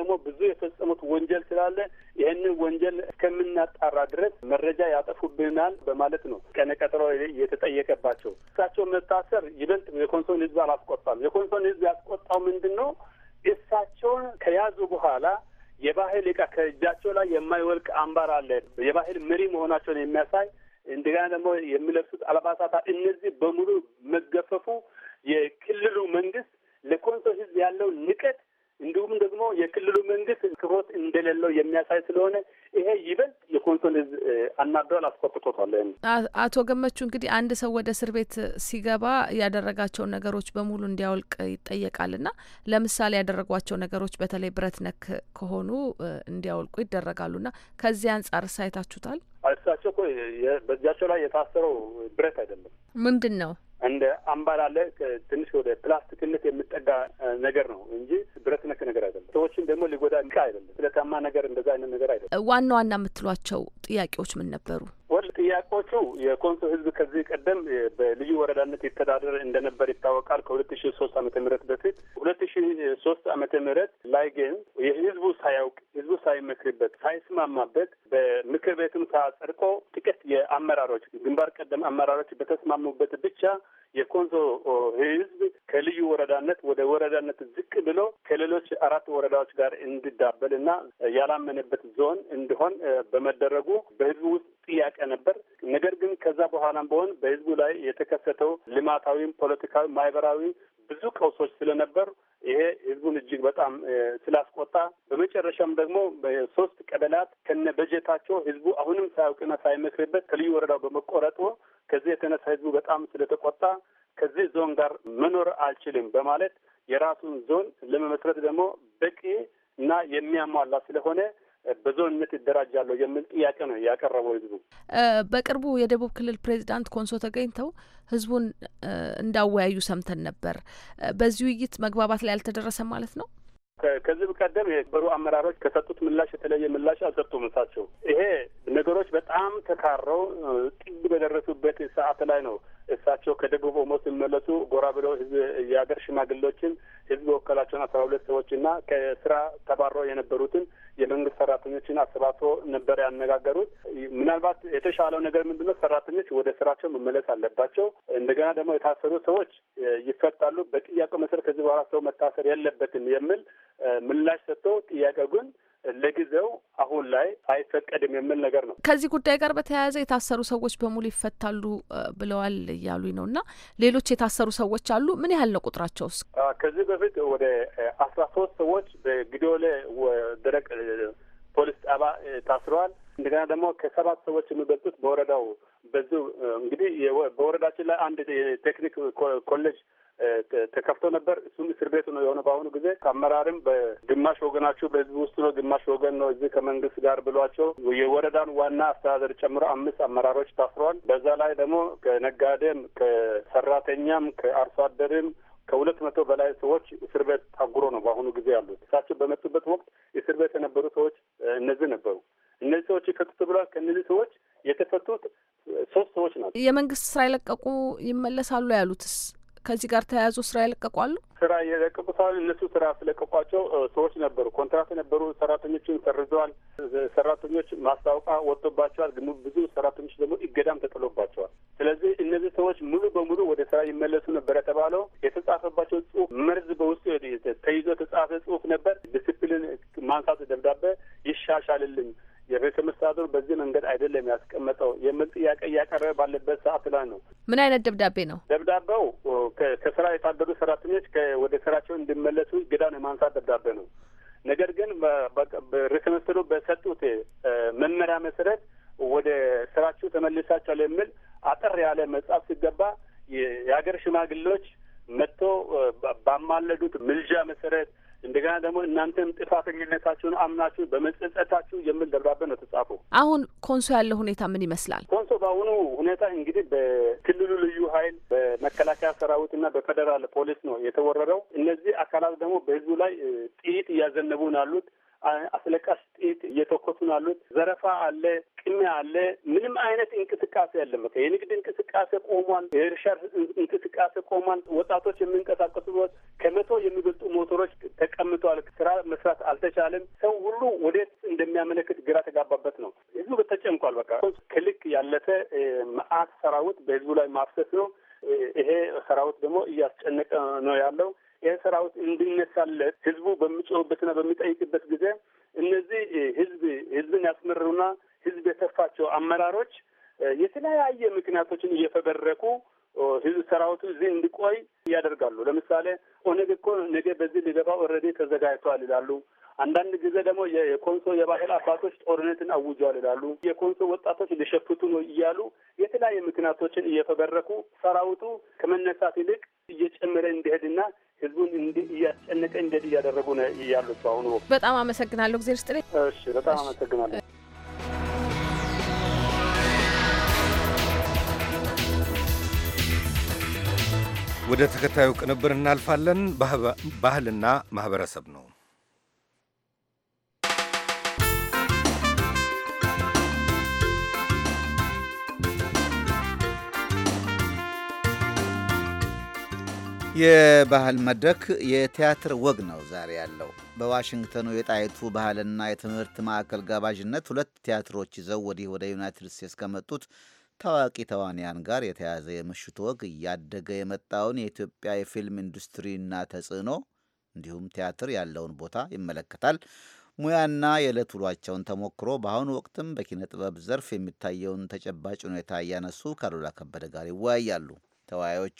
ደግሞ ብዙ የፈጸሙት ወንጀል ስላለ ይህንን ወንጀል እስከምናጣራ ድረስ መረጃ ያጠፉብናል በማለት ነው ቀነ ቀጠሮ የተጠየቀባቸው። እሳቸው መታሰር ይበልጥ የኮንሶን ህዝብ አላስቆጣም። የኮንሶን ህዝብ ያስቆጣው ምንድን ነው? እሳቸውን ከያዙ በኋላ የባህል ዕቃ ከእጃቸው ላይ የማይወልቅ አምባር አለ። የባህል መሪ መሆናቸውን የሚያሳይ እንደገና ደግሞ የሚለብሱት አልባሳታ፣ እነዚህ በሙሉ መገፈፉ የክልሉ መንግስት እንደሌለው የሚያሳይ ስለሆነ ይሄ ይበልጥ የኮንሶን ሕዝብ አናዷል፣ አስቆጥቶታል። አቶ ገመቹ እንግዲህ አንድ ሰው ወደ እስር ቤት ሲገባ ያደረጋቸውን ነገሮች በሙሉ እንዲያወልቅ ይጠየቃል ና ለምሳሌ ያደረጓቸው ነገሮች በተለይ ብረት ነክ ከሆኑ እንዲያወልቁ ይደረጋሉ ና ከዚህ አንጻር ሳይታችሁታል? እሳቸው እኮ በእጃቸው ላይ የታሰረው ብረት አይደለም። ምንድን ነው እንደ አምባላለ ትንሽ ወደ ፕላስቲክነት የምጠጋ ነገር ነው እንጂ ብረት ነክ ነገር አይደለም። ሰዎችን ደግሞ ሊጎዳ አይደለም። ስለታማ ነገር እንደዛ አይነት ነገር አይደለም። ዋና ዋና የምትሏቸው ጥያቄዎች ምን ነበሩ? ጥያቄዎቹ የኮንሶ ህዝብ ከዚህ ቀደም በልዩ ወረዳነት ይተዳደር እንደነበር ይታወቃል። ከሁለት ሺ ሶስት አመተ ምህረት በፊት ሁለት ሺ ሶስት አመተ ምህረት ላይ ግን የህዝቡ ሳያውቅ ህዝቡ ሳይመክርበት ሳይስማማበት በምክር ቤቱም ሳጸድቆ ጥቂት የአመራሮች ግንባር ቀደም አመራሮች በተስማሙበት ብቻ የኮንሶ ህዝብ ከልዩ ወረዳነት ወደ ወረዳነት ዝቅ ብሎ ከሌሎች አራት ወረዳዎች ጋር እንዲዳበል እና ያላመነበት ዞን እንዲሆን በመደረጉ በህዝቡ ውስጥ ጥያቄ ነበር። ነገር ግን ከዛ በኋላም በሆን በህዝቡ ላይ የተከሰተው ልማታዊም፣ ፖለቲካዊ፣ ማህበራዊ ብዙ ቀውሶች ስለነበሩ ይሄ ህዝቡን እጅግ በጣም ስላስቆጣ በመጨረሻም ደግሞ በሶስት ቀበላት ከነ በጀታቸው ህዝቡ አሁንም ሳያውቅና ሳይመክርበት ከልዩ ወረዳው በመቆረጡ ከዚህ የተነሳ ህዝቡ በጣም ስለተቆጣ ከዚህ ዞን ጋር መኖር አልችልም በማለት የራሱን ዞን ለመመስረት ደግሞ በቂ እና የሚያሟላ ስለሆነ በዞንነት ይደራጃለሁ የሚል ጥያቄ ነው ያቀረበው ህዝቡ። በቅርቡ የደቡብ ክልል ፕሬዚዳንት ኮንሶ ተገኝተው ህዝቡን እንዳወያዩ ሰምተን ነበር። በዚህ ውይይት መግባባት ላይ አልተደረሰም ማለት ነው? ከዚህ ቀደም የነበሩ አመራሮች ከሰጡት ምላሽ የተለየ ምላሽ አልሰጡም። እሳቸው ይሄ ነገሮች በጣም ተካረው ጥግ በደረሱበት ሰዓት ላይ ነው እሳቸው ከደቡብ ኦሞ ሲመለሱ ጎራ ብለው የሀገር ሽማግሌዎችን ህዝብ ወከላቸውን አስራ ሁለት ሰዎችና ከስራ ተባረው የነበሩትን የመንግስት ሰራተኞችን አሰባስቦ ነበር ያነጋገሩት። ምናልባት የተሻለው ነገር ነው ሰራተኞች ወደ ስራቸው መመለስ አለባቸው። እንደገና ደግሞ የታሰሩ ሰዎች ይፈታሉ። በጥያቄው መሰረት ከዚህ በኋላ ሰው መታሰር የለበትም የሚል ምላሽ ሰጥቶ ጥያቄው ግን ለጊዜው አሁን ላይ አይፈቀድም የሚል ነገር ነው። ከዚህ ጉዳይ ጋር በተያያዘ የታሰሩ ሰዎች በሙሉ ይፈታሉ ብለዋል እያሉኝ ነው። እና ሌሎች የታሰሩ ሰዎች አሉ። ምን ያህል ነው ቁጥራቸውስ? ከዚህ በፊት ወደ አስራ ሶስት ሰዎች በጊዶሌ ደረቅ ፖሊስ ጣባ ታስረዋል። እንደገና ደግሞ ከሰባት ሰዎች የሚበልጡት በወረዳው በዙ እንግዲህ በወረዳችን ላይ አንድ የቴክኒክ ኮሌጅ ተከፍቶ ነበር። እሱም እስር ቤቱ ነው የሆነ በአሁኑ ጊዜ ከአመራርም በግማሽ ወገናችሁ በህዝብ ውስጥ ነው፣ ግማሽ ወገን ነው እዚህ ከመንግስት ጋር ብሏቸው የወረዳን ዋና አስተዳደር ጨምሮ አምስት አመራሮች ታስረዋል። በዛ ላይ ደግሞ ከነጋዴም ከሰራተኛም ከአርሶ አደርም ከሁለት መቶ በላይ ሰዎች እስር ቤት ታጉሮ ነው በአሁኑ ጊዜ ያሉት። እሳቸው በመጡበት ወቅት እስር ቤት የነበሩ ሰዎች እነዚህ ነበሩ። እነዚህ ሰዎች ይፈቱት ብሏል። ከእነዚህ ሰዎች የተፈቱት ሶስት ሰዎች ናቸው። የመንግስት ስራ የለቀቁ ይመለሳሉ ያሉትስ ከዚህ ጋር ተያያዙ ስራ ይለቀቋሉ። ስራ የለቀቁ እነሱ ስራ ስለቀቋቸው ሰዎች ነበሩ። ኮንትራት የነበሩ ሰራተኞችን ሰርዘዋል። ሰራተኞች ማስታወቂያ ወጥቶባቸዋል። ግን ብዙ ሰራተኞች ደግሞ እገዳም ተጥሎባቸዋል። ስለዚህ እነዚህ ሰዎች ሙሉ በሙሉ ወደ ስራ ይመለሱ ነበር የተባለው የተጻፈባቸው ጽሁፍ መርዝ በውስጡ ተይዞ የተጻፈ ጽሁፍ ነበር። ዲስፕሊን ማንሳት ደብዳቤ ይሻሻልልኝ የቤተ መስተዳድሩ በዚህ መንገድ አይደለም ያስቀመጠው የሚል ጥያቄ እያቀረበ ባለበት ሰዓት ላይ ነው። ምን አይነት ደብዳቤ ነው? ደብዳቤው ከስራ የታገዱ ሰራተኞች ወደ ስራቸው እንዲመለሱ እገዳን የማንሳት ደብዳቤ ነው። ነገር ግን ርዕሰ መስተዳድሩ በሰጡት መመሪያ መሰረት ወደ ስራችሁ ተመልሳችኋል የሚል አጠር ያለ መጽሐፍ ሲገባ የሀገር ሽማግሌዎች መጥቶ ባማለዱት ምልጃ መሰረት እንደገና ደግሞ እናንተም ጥፋተኝነታችሁን አምናችሁ በመጸጸታችሁ የሚል ደብዳቤ ነው ተጻፈው። አሁን ኮንሶ ያለው ሁኔታ ምን ይመስላል? ኮንሶ በአሁኑ ሁኔታ እንግዲህ በክልሉ ልዩ ኃይል በመከላከያ ሰራዊት እና በፌዴራል ፖሊስ ነው የተወረረው። እነዚህ አካላት ደግሞ በህዝቡ ላይ ጥይት እያዘነቡ ነው ያሉት። አስለቃሽ ጥይት እየተኮሱ ነው ያሉት። ዘረፋ አለ፣ ቅሚያ አለ። ምንም አይነት እንቅስቃሴ ያለም በ የንግድ እንቅስቃሴ ቆሟል። የእርሻ እንቅስቃሴ ቆሟል። ወጣቶች የሚንቀሳቀሱበት ከመቶ የሚበልጡ ሞተሮች ተቀምጠዋል። ስራ መስራት አልተቻለም። ሰው ሁሉ ወዴት እንደሚያመለክት ግራ ተጋባበት ነው። ህዝቡ በተጨንቋል። በቃ ክልክ ያለፈ መዓት ሰራዊት በህዝቡ ላይ ማፍሰስ ነው። ይሄ ሰራዊት ደግሞ እያስጨነቀ ነው ያለው። ይህ ሰራዊት እንዲነሳለት ህዝቡ በሚጮህበትና በሚጠይቅበት ጊዜ እነዚህ ህዝብ ህዝብን ያስመረሩና ህዝብ የተፋቸው አመራሮች የተለያየ ምክንያቶችን እየፈበረኩ ህዝብ ሰራዊቱ እዚህ እንዲቆይ ያደርጋሉ። ለምሳሌ ኦነግ እኮ ነገ በዚህ ሊገባ ኦልሬዲ ተዘጋጅተዋል ይላሉ። አንዳንድ ጊዜ ደግሞ የኮንሶ የባህል አባቶች ጦርነትን አውጇል ይላሉ። የኮንሶ ወጣቶች ሊሸፍቱ ነው እያሉ የተለያየ ምክንያቶችን እየፈበረኩ ሰራዊቱ ከመነሳት ይልቅ እየጨመረ እንዲሄድና ህዝቡን እያስጨነቀ እንዲሄድ እያደረጉ ነው ያሉት። በአሁኑ ወቅት በጣም አመሰግናለሁ። ጊዜ ውስጥ እሺ፣ በጣም አመሰግናለሁ። ወደ ተከታዩ ቅንብር እናልፋለን። ባህልና ማህበረሰብ ነው። የባህል መድረክ የቲያትር ወግ ነው ዛሬ ያለው። በዋሽንግተኑ የጣይቱ ባህልና የትምህርት ማዕከል ጋባዥነት ሁለት ቲያትሮች ይዘው ወዲህ ወደ ዩናይትድ ስቴትስ ከመጡት ታዋቂ ተዋንያን ጋር የተያዘ የምሽቱ ወግ እያደገ የመጣውን የኢትዮጵያ የፊልም ኢንዱስትሪና ተጽዕኖ እንዲሁም ቲያትር ያለውን ቦታ ይመለከታል። ሙያና የዕለት ውሏቸውን ተሞክሮ በአሁኑ ወቅትም በኪነ ጥበብ ዘርፍ የሚታየውን ተጨባጭ ሁኔታ እያነሱ ካሉላ ከበደ ጋር ይወያያሉ። ተወያዮቹ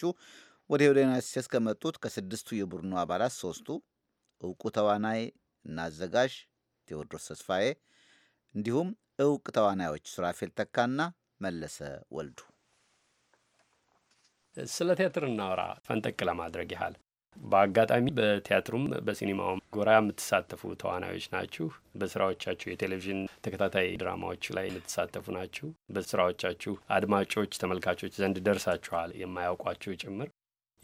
ወደ ዩናይትድ ስቴትስ ከመጡት ከስድስቱ የቡድኑ አባላት ሶስቱ እውቁ ተዋናይ እና አዘጋጅ ቴዎድሮስ ተስፋዬ እንዲሁም እውቅ ተዋናዮች ሱራፌል ተካና መለሰ ወልዱ። ስለ ቲያትር እናወራ ፈንጠቅ ለማድረግ ያህል በአጋጣሚ በቲያትሩም በሲኒማውም ጎራ የምትሳተፉ ተዋናዮች ናችሁ። በስራዎቻችሁ የቴሌቪዥን ተከታታይ ድራማዎች ላይ የምትሳተፉ ናችሁ። በስራዎቻችሁ አድማጮች፣ ተመልካቾች ዘንድ ደርሳችኋል፣ የማያውቋችሁ ጭምር።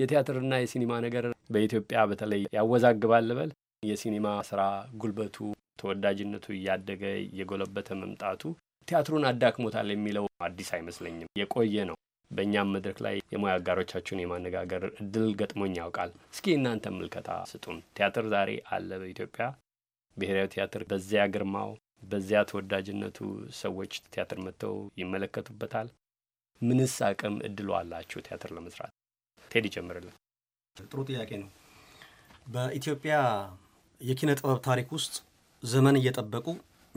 የቲያትርና የሲኒማ ነገር በኢትዮጵያ በተለይ ያወዛግባል ልበል። የሲኒማ ስራ ጉልበቱ፣ ተወዳጅነቱ እያደገ እየጎለበተ መምጣቱ ቲያትሩን አዳክሞታል የሚለው አዲስ አይመስለኝም፣ የቆየ ነው። በእኛም መድረክ ላይ የሙያ አጋሮቻችሁን የማነጋገር እድል ገጥሞኝ ያውቃል። እስኪ እናንተ ምልከታ ስጡን። ቲያትር ዛሬ አለ በኢትዮጵያ ብሔራዊ ቲያትር በዚያ ግርማው፣ በዚያ ተወዳጅነቱ ሰዎች ቲያትር መጥተው ይመለከቱበታል። ምንስ አቅም እድሉ አላችሁ ቲያትር ለመስራት? ቴድ ይጀምርልን። ጥሩ ጥያቄ ነው። በኢትዮጵያ የኪነ ጥበብ ታሪክ ውስጥ ዘመን እየጠበቁ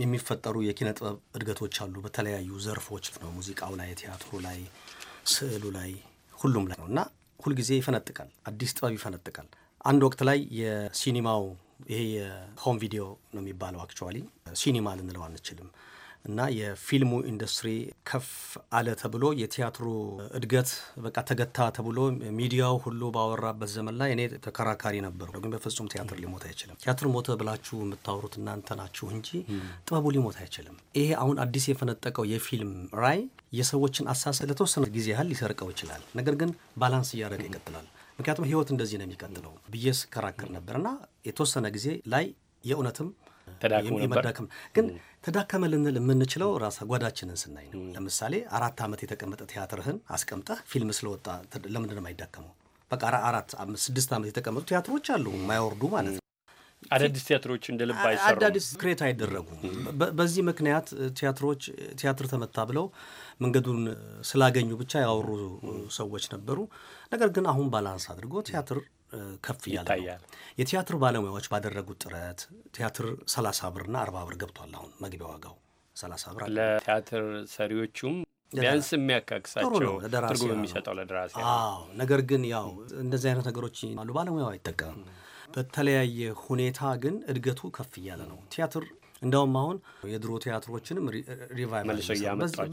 የሚፈጠሩ የኪነ ጥበብ እድገቶች አሉ። በተለያዩ ዘርፎች ነው፣ ሙዚቃው ላይ፣ ቲያትሩ ላይ፣ ስዕሉ ላይ፣ ሁሉም ላይ ነው እና ሁልጊዜ ይፈነጥቃል፣ አዲስ ጥበብ ይፈነጥቃል። አንድ ወቅት ላይ የሲኒማው ይሄ የሆም ቪዲዮ ነው የሚባለው አክቹዋሊ ሲኒማ ልንለው አንችልም እና የፊልሙ ኢንዱስትሪ ከፍ አለ ተብሎ የቲያትሩ እድገት በቃ ተገታ ተብሎ ሚዲያው ሁሉ ባወራበት ዘመን ላይ እኔ ተከራካሪ ነበሩ። ግን በፍጹም ቲያትር ሊሞት አይችልም። ቲያትር ሞተ ብላችሁ የምታወሩት እናንተ ናችሁ እንጂ ጥበቡ ሊሞት አይችልም። ይሄ አሁን አዲስ የፈነጠቀው የፊልም ራይ የሰዎችን አሳሰብ ለተወሰነ ጊዜ ያህል ሊሰርቀው ይችላል። ነገር ግን ባላንስ እያደረገ ይቀጥላል። ምክንያቱም ህይወት እንደዚህ ነው የሚቀጥለው ብዬ ስከራከር ነበር እና የተወሰነ ጊዜ ላይ የእውነትም የመዳከም ግን ተዳከመ ልንል የምንችለው ራስ ጓዳችንን ስናይ ነው። ለምሳሌ አራት ዓመት የተቀመጠ ቲያትርህን አስቀምጠህ ፊልም ስለወጣ ለምንድን አይዳከመው በቃ አራት ስድስት ዓመት የተቀመጡ ቲያትሮች አሉ የማይወርዱ ማለት ነው። አዳዲስ ቲያትሮች እንደ ልብ አይሰሩ፣ አዳዲስ ክሬት አይደረጉም። በዚህ ምክንያት ቲያትሮች ቲያትር ተመታ ብለው መንገዱን ስላገኙ ብቻ ያወሩ ሰዎች ነበሩ። ነገር ግን አሁን ባላንስ አድርጎ ቲያትር ከፍ እያለ ነው። የቲያትር ባለሙያዎች ባደረጉት ጥረት ቲያትር ሰላሳ ብርና አርባ ብር ገብቷል። አሁን መግቢያ ዋጋው ሰላሳ ብር ለቲያትር ሰሪዎቹም ቢያንስ የሚያካክሳቸው ትርጉም የሚሰጠው ለደራሲ። አዎ ነገር ግን ያው እንደዚህ አይነት ነገሮች አሉ፣ ባለሙያው አይጠቀምም። በተለያየ ሁኔታ ግን እድገቱ ከፍ እያለ ነው ቲያትር እንደውም አሁን የድሮ ቲያትሮችንም ሪቫይቫል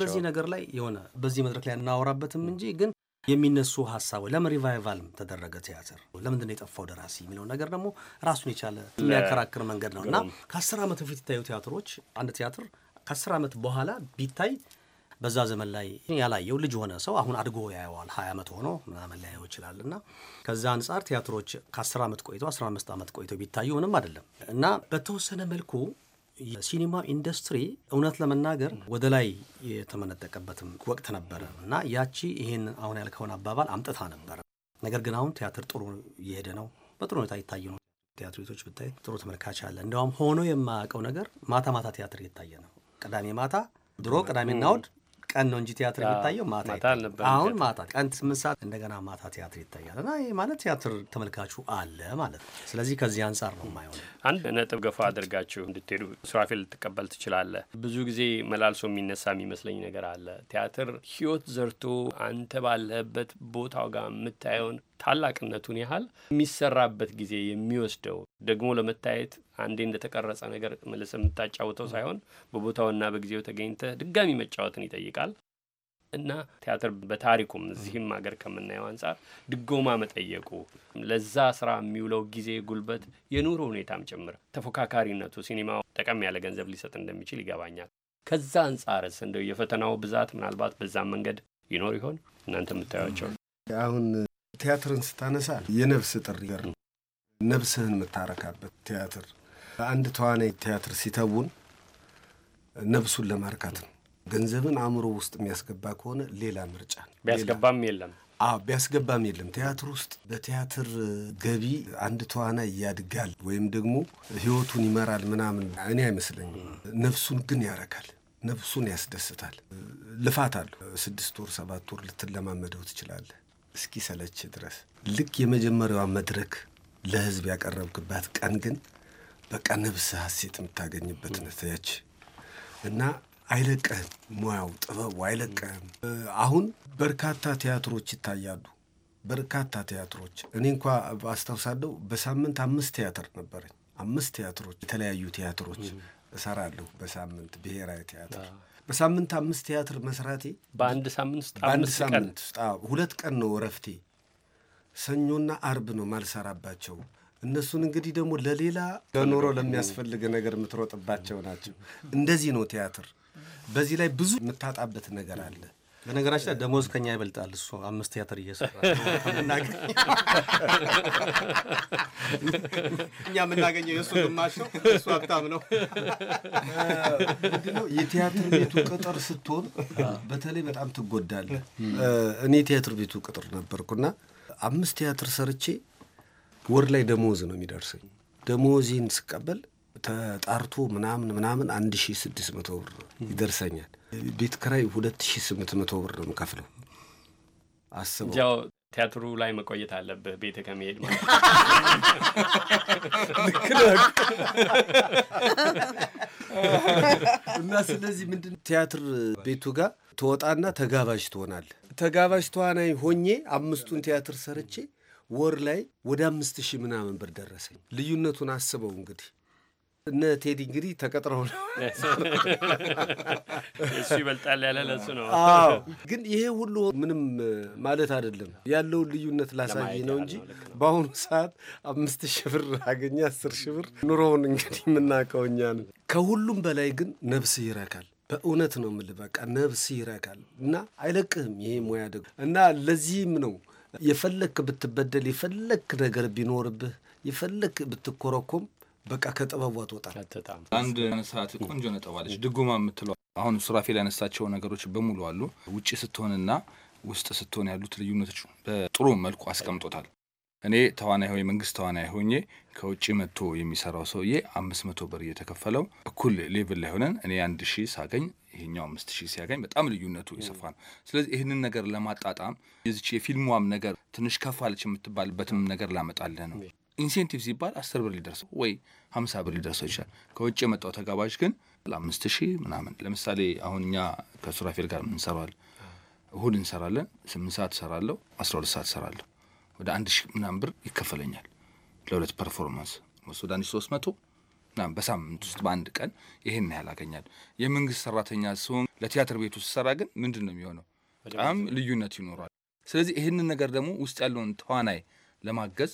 በዚህ ነገር ላይ የሆነ በዚህ መድረክ ላይ እናወራበትም እንጂ ግን የሚነሱ ሀሳብ ለምን ሪቫይቫል ተደረገ ቲያትር ለምንድን ነው የጠፋው ደራሲ የሚለው ነገር ደግሞ ራሱን የቻለ የሚያከራክር መንገድ ነው እና ከአስር ዓመት በፊት ይታዩ ቲያትሮች አንድ ቲያትር ከአስር ዓመት በኋላ ቢታይ በዛ ዘመን ላይ ያላየው ልጅ ሆነ ሰው አሁን አድጎ ያየዋል። ሀያ ዓመት ሆኖ ምናምን ሊያየው ይችላል እና ከዛ አንጻር ቲያትሮች ከአስር ዓመት ቆይቶ አስራ አምስት ዓመት ቆይቶ ቢታዩ ምንም አይደለም እና በተወሰነ መልኩ የሲኒማ ኢንዱስትሪ እውነት ለመናገር ወደ ላይ የተመነጠቀበትም ወቅት ነበረ እና ያቺ ይሄን አሁን ያልከውን አባባል አምጥታ ነበረ። ነገር ግን አሁን ቲያትር ጥሩ እየሄደ ነው፣ በጥሩ ሁኔታ ይታይ ነው። ቲያትር ቤቶች ብታይ ጥሩ ተመልካች አለ። እንደውም ሆኖ የማያውቀው ነገር ማታ ማታ ቲያትር እየታየ ነው። ቅዳሜ ማታ ድሮ ቅዳሜና እሑድ ቀን ነው እንጂ ቲያትር የሚታየው ማታ አሁን ማታ ቀን ስምንት ሰዓት እንደገና ማታ ቲያትር ይታያል እና ይህ ማለት ቲያትር ተመልካቹ አለ ማለት ነው። ስለዚህ ከዚህ አንጻር ነው የማይሆነ አንድ ነጥብ ገፋ አድርጋችሁ እንድትሄዱ ስራፌ ልትቀበል ትችላለ ብዙ ጊዜ መላልሶ የሚነሳ የሚመስለኝ ነገር አለ። ቲያትር ህይወት ዘርቶ አንተ ባለህበት ቦታው ጋር የምታየውን ታላቅነቱን ያህል የሚሰራበት ጊዜ የሚወስደው ደግሞ ለመታየት አንዴ እንደተቀረጸ ነገር መልስ የምታጫውተው ሳይሆን በቦታውና በጊዜው ተገኝተ ድጋሚ መጫወትን ይጠይቃል እና ቲያትር በታሪኩም እዚህም ሀገር ከምናየው አንጻር ድጎማ መጠየቁ ለዛ ስራ የሚውለው ጊዜ፣ ጉልበት፣ የኑሮ ሁኔታም ጭምር ተፎካካሪነቱ ሲኒማው ጠቀም ያለ ገንዘብ ሊሰጥ እንደሚችል ይገባኛል። ከዛ አንጻርስ እንደው የፈተናው ብዛት ምናልባት በዛም መንገድ ይኖር ይሆን እናንተ የምታያቸው አሁን ቲያትርን ስታነሳ የነፍስ ጥሪ ገር ነው። ነፍስህን የምታረካበት ቲያትር አንድ ተዋናይ ቲያትር ሲተውን ነፍሱን ለማርካት ነው። ገንዘብን አእምሮ ውስጥ የሚያስገባ ከሆነ ሌላ ምርጫ ቢያስገባም የለም። አዎ ቢያስገባም የለም። ቲያትር ውስጥ በቲያትር ገቢ አንድ ተዋናይ ያድጋል ወይም ደግሞ ህይወቱን ይመራል ምናምን እኔ አይመስለኝም። ነፍሱን ግን ያረካል። ነፍሱን ያስደስታል። ልፋት አለው። ስድስት ወር ሰባት ወር ልትለማመደው ትችላለህ። እስኪሰለች ድረስ ልክ የመጀመሪያዋ መድረክ ለህዝብ ያቀረብክባት ቀን ግን በቃ ነብስ ሀሴት የምታገኝበት ነተያች እና አይለቀህም። ሙያው ጥበቡ አይለቀህም። አሁን በርካታ ቲያትሮች ይታያሉ። በርካታ ቲያትሮች እኔ እንኳ አስታውሳለሁ በሳምንት አምስት ቲያትር ነበረኝ። አምስት ቲያትሮች፣ የተለያዩ ቲያትሮች እሰራለሁ በሳምንት ብሔራዊ ቲያትር በሳምንት አምስት ቲያትር መስራቴ በአንድ ሳምንት ውስጥ በአንድ ሳምንት ውስጥ ሁለት ቀን ነው እረፍቴ፣ ሰኞና አርብ ነው ማልሰራባቸው። እነሱን እንግዲህ ደግሞ ለሌላ ለኑሮ ለሚያስፈልግ ነገር የምትሮጥባቸው ናቸው። እንደዚህ ነው ቲያትር። በዚህ ላይ ብዙ የምታጣበት ነገር አለ። በነገራችን ላይ ደሞዝ ከኛ ይበልጣል። እሱ አምስት ቲያትር እየሰራ እኛ የምናገኘው የእሱ ግማሽ ነው። እሱ ሀብታም ነው። የቲያትር ቤቱ ቅጥር ስትሆን በተለይ በጣም ትጎዳለ እኔ ቲያትር ቤቱ ቅጥር ነበርኩና አምስት ቲያትር ሰርቼ ወር ላይ ደሞዝ ነው የሚደርሰኝ። ደሞዜን ስቀበል ተጣርቶ ምናምን ምናምን አንድ ሺህ ስድስት መቶ ብር ይደርሰኛል። ቤት ክራይ ሁለት ሺ ስምንት መቶ ብር ነው የምከፍለው። አስበው ቲያትሩ ላይ መቆየት አለብህ ቤተ ከመሄድ እና ስለዚህ ምንድን ቲያትር ቤቱ ጋር ትወጣና ተጋባዥ ትሆናለህ። ተጋባዥ ተዋናይ ሆኜ አምስቱን ቲያትር ሰርቼ ወር ላይ ወደ አምስት ሺህ ምናምን ብር ደረሰኝ። ልዩነቱን አስበው እንግዲህ እነ ቴዲ እንግዲህ ተቀጥረው ነው [laughs] እሱ ይበልጣል ያለ ለሱ ነው። አዎ ግን ይሄ ሁሉ ምንም ማለት አይደለም። ያለውን ልዩነት ላሳይ ነው እንጂ በአሁኑ ሰዓት አምስት ሺህ ብር አገኘ አስር ሺህ ብር ኑሮውን እንግዲህ የምናውቀው እኛ ነው። ከሁሉም በላይ ግን ነብስ ይረካል። በእውነት ነው የምልህ። በቃ ነብስ ይረካል እና አይለቅህም ይሄ ሙያ ደግሞ እና ለዚህም ነው የፈለክ ብትበደል የፈለክ ነገር ቢኖርብህ የፈለክ ብትኮረኮም በቃ ከጥበቡ አትወጣም። አንድ ሰዓት ቆንጆ ነጥብ አለች፣ ድጎማ የምትለው አሁን ሱራፌል ያነሳቸው ነገሮች በሙሉ አሉ። ውጭ ስትሆንና ውስጥ ስትሆን ያሉት ልዩነቶች በጥሩ መልኩ አስቀምጦታል። እኔ ተዋናይ ሆኜ መንግስት ተዋናይ ሆኜ ከውጭ መጥቶ የሚሰራው ሰውዬ አምስት መቶ ብር እየተከፈለው እኩል ሌቭል ላይ ሆነን እኔ አንድ ሺህ ሳገኝ ይሄኛው አምስት ሺህ ሲያገኝ በጣም ልዩነቱ የሰፋ ነው። ስለዚህ ይህንን ነገር ለማጣጣም የዚች የፊልሟም ነገር ትንሽ ከፋለች የምትባልበትም ነገር ላመጣልህ ነው። ኢንሴንቲቭ ሲባል አስር ብር ሊደርሰው ወይ ሀምሳ ብር ሊደርሰው ይችላል። ከውጭ የመጣው ተጋባዥ ግን ለአምስት ሺህ ምናምን ለምሳሌ አሁን እኛ ከሱራፌል ጋር ምንሰራል እሁድ እንሰራለን። ስምንት ሰዓት እሰራለሁ፣ አስራ ሁለት ሰዓት እሰራለሁ። ወደ አንድ ሺህ ምናምን ብር ይከፈለኛል ለሁለት ፐርፎርማንስ ወደ አንድ ሶስት መቶ ምናምን በሳምንት ውስጥ በአንድ ቀን ይህን ያህል አገኛል። የመንግስት ሰራተኛ ሲሆን ለቲያትር ቤቱ ውስጥ ስሰራ ግን ምንድን ነው የሚሆነው? በጣም ልዩነት ይኖራል። ስለዚህ ይህንን ነገር ደግሞ ውስጥ ያለውን ተዋናይ ለማገዝ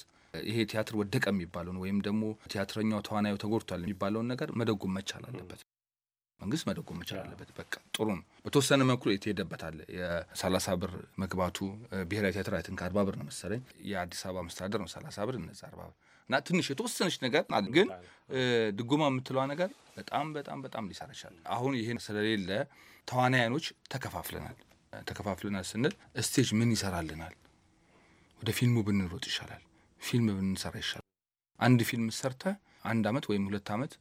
ይሄ ቲያትር ወደቀ የሚባለውን ወይም ደግሞ ቲያትረኛው ተዋናዩ ተጎድቷል የሚባለውን ነገር መደጎም መቻል አለበት። መንግስት መደጎም መቻል አለበት። በቃ ጥሩ ነው። በተወሰነ መልኩ የተሄደበታል። የሰላሳ ብር መግባቱ ብሔራዊ ቲያትር አይትን ከአርባ ብር ነው መሰለኝ የአዲስ አበባ መስተዳደር ነው ሰላሳ ብር እነዚ አርባ ብር እና ትንሽ የተወሰነች ነገር ግን ድጎማ የምትለዋ ነገር በጣም በጣም በጣም ሊሰራ ይችላል። አሁን ይሄን ስለሌለ ተዋናያኖች ተከፋፍለናል። ተከፋፍለናል ስንል ስቴጅ ምን ይሰራልናል? ወደ ፊልሙ ብንሮጥ ይሻላል ፊልም ብንሰራ ይሻላል። አንድ ፊልም ሰርተ አንድ አመት ወይም ሁለት አመት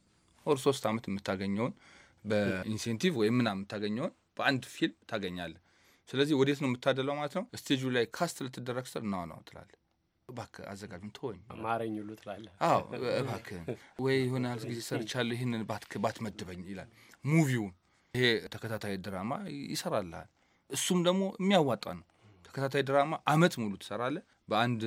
ወር ሶስት አመት የምታገኘውን በኢንሴንቲቭ ወይም ምና የምታገኘውን በአንድ ፊልም ታገኛለ። ስለዚህ ወዴት ነው የምታደለው ማለት ነው። ስቴጁ ላይ ካስት ልትደረግ ስር ነው ነው ትላለ። እባክህ አዘጋጁን ተወኝ ማረኝ ሁሉ ትላለህ። አዎ እባክህ ወይ የሆነ ያህል ጊዜ ሰርቻለሁ ይህንን ባትክ ባትመድበኝ ይላል። ሙቪውን ይሄ ተከታታይ ድራማ ይሰራልሃል። እሱም ደግሞ የሚያዋጣ ነው። ተከታታይ ድራማ አመት ሙሉ ትሰራለህ። በአንድ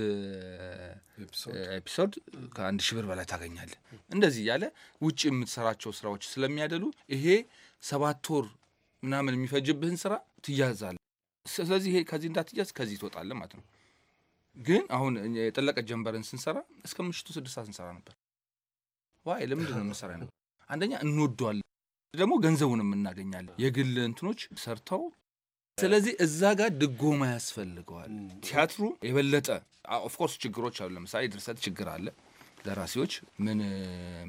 ኤፒሶድ ከአንድ ሺህ ብር በላይ ታገኛለህ። እንደዚህ እያለ ውጭ የምትሰራቸው ስራዎች ስለሚያደሉ ይሄ ሰባት ወር ምናምን የሚፈጅብህን ስራ ትያዛለ። ስለዚህ ይሄ ከዚህ እንዳትያዝ ከዚህ ትወጣለ ማለት ነው። ግን አሁን የጠለቀ ጀንበርን ስንሰራ እስከ ምሽቱ ስድስት ሰዓት ስንሰራ ነበር። ዋይ ለምንድን ነው የምንሰራ? አንደኛ እንወደዋለን፣ ደግሞ ገንዘቡንም እናገኛለን። የግል እንትኖች ሰርተው ስለዚህ እዛ ጋር ድጎማ ያስፈልገዋል። ቲያትሩ የበለጠ ኦፍኮርስ ችግሮች አሉ። ለምሳሌ ድርሰት ችግር አለ። ደራሲዎች ምን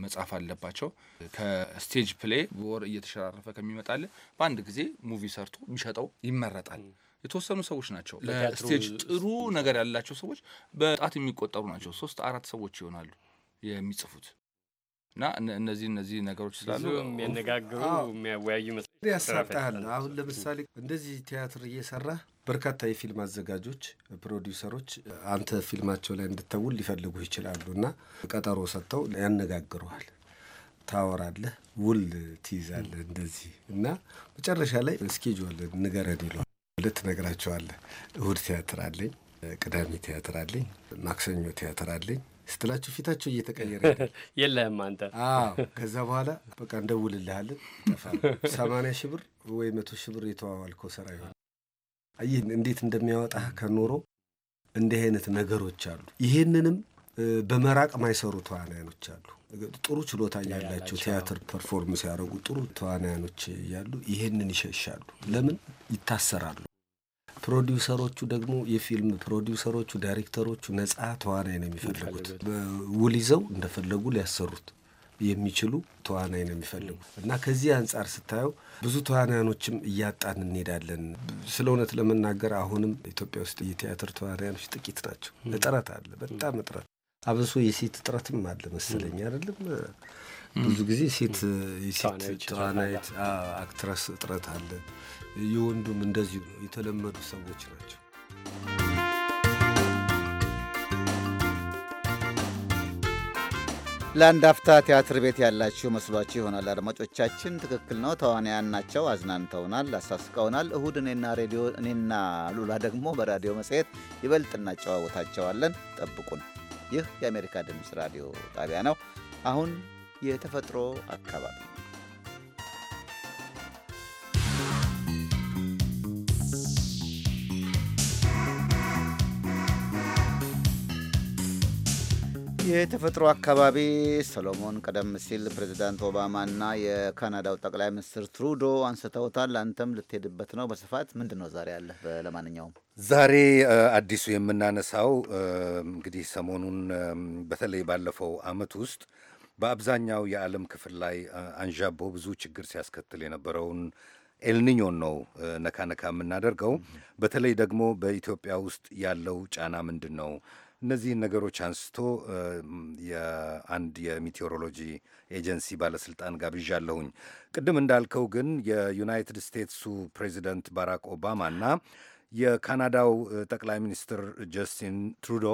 መጻፍ አለባቸው? ከስቴጅ ፕሌይ ወር እየተሸራረፈ ከሚመጣል በአንድ ጊዜ ሙቪ ሰርቶ ቢሸጠው ይመረጣል። የተወሰኑ ሰዎች ናቸው ለስቴጅ ጥሩ ነገር ያላቸው ሰዎች በጣት የሚቆጠሩ ናቸው። ሶስት አራት ሰዎች ይሆናሉ የሚጽፉት እና እነዚህ እነዚህ ነገሮች ስላሉ የሚያነጋግሩ የሚያወያዩ መስ ያሳጣሃል። አሁን ለምሳሌ እንደዚህ ቲያትር እየሰራ በርካታ የፊልም አዘጋጆች፣ ፕሮዲውሰሮች አንተ ፊልማቸው ላይ እንድተውል ሊፈልጉ ይችላሉ እና ቀጠሮ ሰጥተው ያነጋግረዋል። ታወራለህ፣ ውል ትይዛለህ እንደዚህ እና መጨረሻ ላይ እስኬጅዋለ ንገረን ይለዋል። ሁለት ትነግራቸዋለህ። እሁድ ቲያትር አለኝ፣ ቅዳሜ ቲያትር አለኝ፣ ማክሰኞ ቲያትር አለኝ ስትላችሁ ፊታቸው እየተቀየረ [laughs] የለህም አንተ። አዎ [laughs] ከዛ በኋላ በቃ እንደውልልሃለን ይጠፋል። ሰማንያ ሺህ ብር ወይ መቶ ሺህ ብር የተዋዋልከው ስራ ይሆን ይህ እንዴት እንደሚያወጣ ከኖሮ እንዲህ አይነት ነገሮች አሉ። ይሄንንም በመራቅ ማይሰሩ ተዋናያኖች አሉ። ጥሩ ችሎታ ያላቸው ቲያትር ፐርፎርምስ ያደረጉ ጥሩ ተዋናያኖች እያሉ ይሄንን ይሸሻሉ። ለምን ይታሰራሉ? ፕሮዲውሰሮቹ ደግሞ የፊልም ፕሮዲውሰሮቹ ዳይሬክተሮቹ ነጻ ተዋናይ ነው የሚፈልጉት። ውል ይዘው እንደፈለጉ ሊያሰሩት የሚችሉ ተዋናይ ነው የሚፈልጉ እና ከዚህ አንጻር ስታየው ብዙ ተዋናያኖችም እያጣን እንሄዳለን። ስለ እውነት ለመናገር አሁንም ኢትዮጵያ ውስጥ የቲያትር ተዋናያኖች ጥቂት ናቸው። እጥረት አለ፣ በጣም እጥረት። አብሶ የሴት እጥረትም አለ መሰለኝ አይደለም? ብዙ ጊዜ ሴት የሴት ተዋናይት አክትረስ እጥረት አለ። የወንዱም እንደዚሁ ነው። የተለመዱ ሰዎች ናቸው። ለአንድ አፍታ ቲያትር ቤት ያላችሁ መስሏችሁ ይሆናል አድማጮቻችን። ትክክል ነው። ተዋንያን ናቸው። አዝናንተውናል፣ አሳስቀውናል። እሁድ እኔና ሬዲዮ እኔና ሉላ ደግሞ በራዲዮ መጽሔት ይበልጥ እናጨዋወታቸዋለን። ጠብቁን። ይህ የአሜሪካ ድምፅ ራዲዮ ጣቢያ ነው። አሁን የተፈጥሮ አካባቢ የተፈጥሮ አካባቢ ሰሎሞን ቀደም ሲል ፕሬዚዳንት ኦባማና የካናዳው ጠቅላይ ሚኒስትር ትሩዶ አንስተውታል። አንተም ልትሄድበት ነው በስፋት ምንድን ነው ዛሬ አለ? ለማንኛውም ዛሬ አዲሱ የምናነሳው እንግዲህ ሰሞኑን በተለይ ባለፈው አመት ውስጥ በአብዛኛው የዓለም ክፍል ላይ አንዣቦ ብዙ ችግር ሲያስከትል የነበረውን ኤልኒኞን ነው ነካ ነካ የምናደርገው። በተለይ ደግሞ በኢትዮጵያ ውስጥ ያለው ጫና ምንድን ነው? እነዚህን ነገሮች አንስቶ የአንድ የሚቴዎሮሎጂ ኤጀንሲ ባለስልጣን አለሁኝ። ቅድም እንዳልከው ግን የዩናይትድ ስቴትሱ ፕሬዚደንት ባራክ እና የካናዳው ጠቅላይ ሚኒስትር ጀስቲን ትሩዶ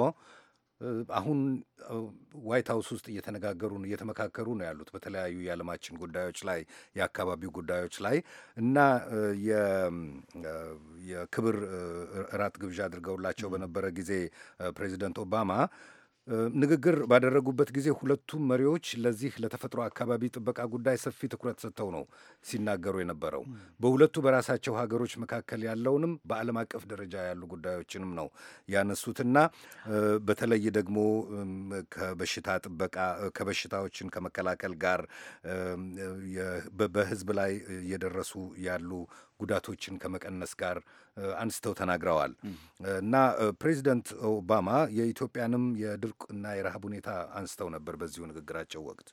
አሁን ዋይት ሀውስ ውስጥ እየተነጋገሩ ነው እየተመካከሩ ነው ያሉት በተለያዩ የዓለማችን ጉዳዮች ላይ የአካባቢው ጉዳዮች ላይ እና የክብር እራት ግብዣ አድርገውላቸው በነበረ ጊዜ ፕሬዚደንት ኦባማ ንግግር ባደረጉበት ጊዜ ሁለቱም መሪዎች ለዚህ ለተፈጥሮ አካባቢ ጥበቃ ጉዳይ ሰፊ ትኩረት ሰጥተው ነው ሲናገሩ የነበረው። በሁለቱ በራሳቸው ሀገሮች መካከል ያለውንም በዓለም አቀፍ ደረጃ ያሉ ጉዳዮችንም ነው ያነሱትና በተለይ ደግሞ ከበሽታ ጥበቃ ከበሽታዎችን ከመከላከል ጋር በሕዝብ ላይ እየደረሱ ያሉ ጉዳቶችን ከመቀነስ ጋር አንስተው ተናግረዋል እና ፕሬዚደንት ኦባማ የኢትዮጵያንም የድርቅና የረሃብ ሁኔታ አንስተው ነበር በዚሁ ንግግራቸው ወቅት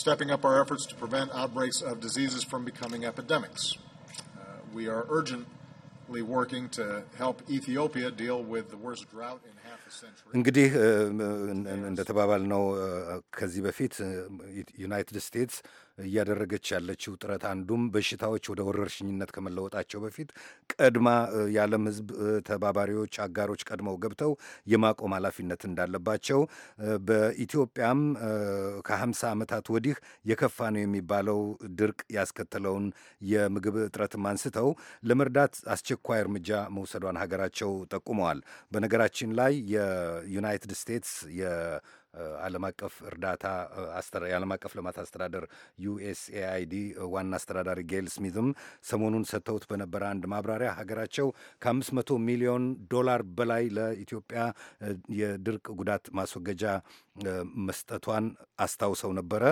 stepping up our efforts to prevent outbreaks of diseases from becoming epidemics. Uh, we are urgently working to help Ethiopia deal with the worst drought in half a century. እንግዲህ እንደተባባል ነው ከዚህ በፊት ዩናይትድ ስቴትስ እያደረገች ያለችው ጥረት አንዱም በሽታዎች ወደ ወረርሽኝነት ከመለወጣቸው በፊት ቀድማ የዓለም ሕዝብ ተባባሪዎች፣ አጋሮች ቀድመው ገብተው የማቆም ኃላፊነት እንዳለባቸው በኢትዮጵያም ከሀምሳ ዓመታት ወዲህ የከፋ ነው የሚባለው ድርቅ ያስከተለውን የምግብ እጥረትም አንስተው ለመርዳት አስቸኳይ እርምጃ መውሰዷን ሀገራቸው ጠቁመዋል። በነገራችን ላይ የዩናይትድ ስቴትስ ዓለም አቀፍ እርዳታ የዓለም አቀፍ ልማት አስተዳደር ዩኤስኤአይዲ ዋና አስተዳዳሪ ጌል ስሚዝም ሰሞኑን ሰጥተውት በነበረ አንድ ማብራሪያ ሀገራቸው ከ500 ሚሊዮን ዶላር በላይ ለኢትዮጵያ የድርቅ ጉዳት ማስወገጃ መስጠቷን አስታውሰው ነበረ።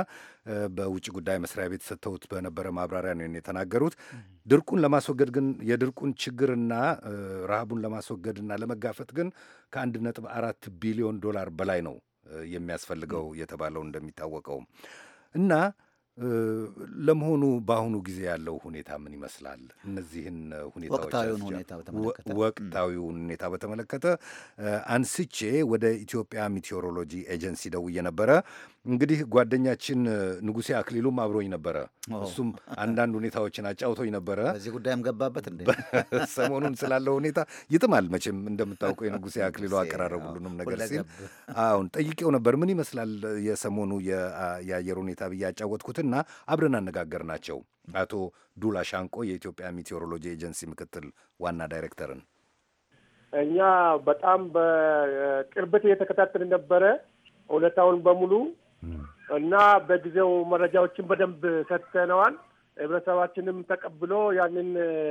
በውጭ ጉዳይ መስሪያ ቤት ሰጥተውት በነበረ ማብራሪያ ነው የተናገሩት። ድርቁን ለማስወገድ ግን የድርቁን ችግርና ረሃቡን ለማስወገድና ለመጋፈጥ ግን ከአንድ ነጥብ አራት ቢሊዮን ዶላር በላይ ነው የሚያስፈልገው የተባለው እንደሚታወቀው እና ለመሆኑ በአሁኑ ጊዜ ያለው ሁኔታ ምን ይመስላል? እነዚህን ሁኔታዎች ወቅታዊውን ሁኔታ በተመለከተ አንስቼ ወደ ኢትዮጵያ ሚቴዎሮሎጂ ኤጀንሲ ደውዬ ነበረ። እንግዲህ ጓደኛችን ንጉሴ አክሊሉም አብሮኝ ነበረ። እሱም አንዳንድ ሁኔታዎችን አጫውቶኝ ነበረ። በዚህ ጉዳይም ገባበት እንዴ? ሰሞኑን ስላለው ሁኔታ ይጥማል መቼም እንደምታውቀው የንጉሴ [laughs] አክሊሉ አቀራረብ ሁሉንም ነገር ሲል [laughs] አሁን ጠይቄው ነበር። ምን ይመስላል የሰሞኑ የአየር ሁኔታ ብዬ አጫወትኩትና አብረን አነጋገር ናቸው አቶ ዱላ ሻንቆ የኢትዮጵያ ሚቴዎሮሎጂ ኤጀንሲ ምክትል ዋና ዳይሬክተርን እኛ በጣም በቅርበት እየተከታተልን ነበረ ሁኔታውን በሙሉ እና በጊዜው መረጃዎችን በደንብ ሰጥተነዋል። ህብረተሰባችንም ተቀብሎ ያንን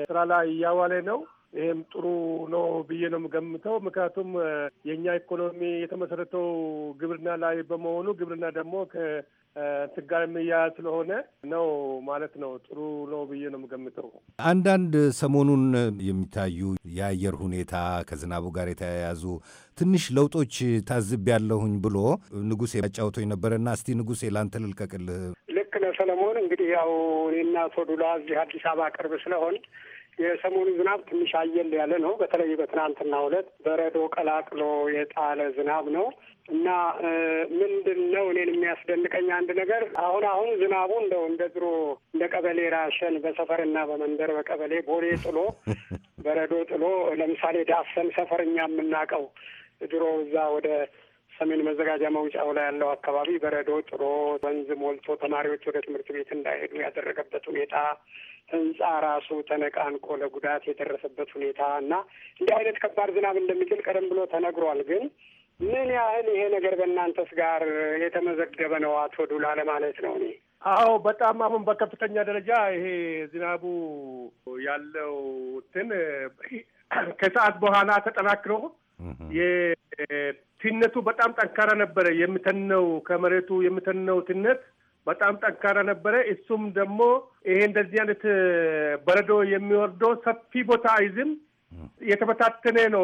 ስራ ላይ እያዋለ ነው። ይህም ጥሩ ነው ብዬ ነው የምገምተው። ምክንያቱም የእኛ ኢኮኖሚ የተመሰረተው ግብርና ላይ በመሆኑ ግብርና ደግሞ እንትን ጋር ስለሆነ ነው ማለት ነው። ጥሩ ነው ብዬ ነው የምገምተው። አንዳንድ ሰሞኑን የሚታዩ የአየር ሁኔታ ከዝናቡ ጋር የተያያዙ ትንሽ ለውጦች ታዝብ ያለሁኝ ብሎ ንጉሴ ያጫውቶኝ ነበረና እስቲ ንጉሴ ላንተ ልልቀቅልህ። ልክ ነህ ሰለሞን። እንግዲህ ያው እኔና ሶዱላ እዚህ አዲስ አበባ ቅርብ ስለሆን የሰሞኑ ዝናብ ትንሽ አየል ያለ ነው። በተለይ በትናንትና ሁለት በረዶ ቀላቅሎ የጣለ ዝናብ ነው እና ምንድን ነው እኔን የሚያስደንቀኝ አንድ ነገር አሁን አሁን ዝናቡ እንደው እንደ ድሮ እንደ ቀበሌ ራሸን በሰፈርና በመንደር በቀበሌ ቦሌ ጥሎ በረዶ ጥሎ ለምሳሌ ዳሰን ሰፈር እኛ የምናውቀው ድሮ እዛ ወደ ሰሜን መዘጋጃ መውጫው ላይ ያለው አካባቢ በረዶ ጥሎ ወንዝ ሞልቶ ተማሪዎች ወደ ትምህርት ቤት እንዳይሄዱ ያደረገበት ሁኔታ ህንፃ ራሱ ተነቃንቆ ለጉዳት የደረሰበት ሁኔታ እና እንዲህ አይነት ከባድ ዝናብ እንደሚጥል ቀደም ብሎ ተነግሯል። ግን ምን ያህል ይሄ ነገር በእናንተስ ጋር የተመዘገበ ነው አቶ ዱላ ለማለት ነው እኔ አዎ በጣም አሁን በከፍተኛ ደረጃ ይሄ ዝናቡ ያለው እንትን ከሰዓት በኋላ ተጠናክሮ የትነቱ በጣም ጠንካራ ነበረ። የምተነው ከመሬቱ የምተነው ትነት በጣም ጠንካራ ነበረ። እሱም ደግሞ ይሄ እንደዚህ አይነት በረዶ የሚወርደው ሰፊ ቦታ አይዝም፣ የተበታተነ ነው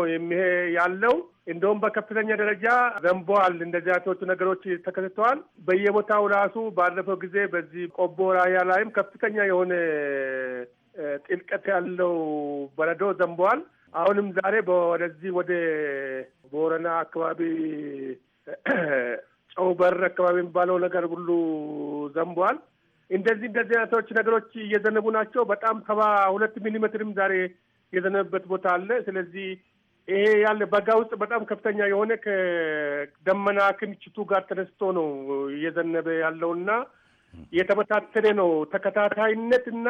ያለው። እንደውም በከፍተኛ ደረጃ ዘንቧል። እንደዚህ አይነቶቹ ነገሮች ተከስተዋል። በየቦታው ራሱ ባለፈው ጊዜ በዚህ ቆቦ ራያ ላይም ከፍተኛ የሆነ ጥልቀት ያለው በረዶ ዘንቧል። አሁንም ዛሬ ወደዚህ ወደ ቦረና አካባቢ ጨው በር አካባቢ የሚባለው ነገር ሁሉ ዘንቧል። እንደዚህ እንደዚህ አይነቶች ነገሮች እየዘነቡ ናቸው። በጣም ሰባ ሁለት ሚሊሜትርም ዛሬ የዘነበበት ቦታ አለ። ስለዚህ ይሄ ያለ በጋ ውስጥ በጣም ከፍተኛ የሆነ ከደመና ክምችቱ ጋር ተነስቶ ነው እየዘነበ ያለውና የተበታተነ ነው። ተከታታይነት እና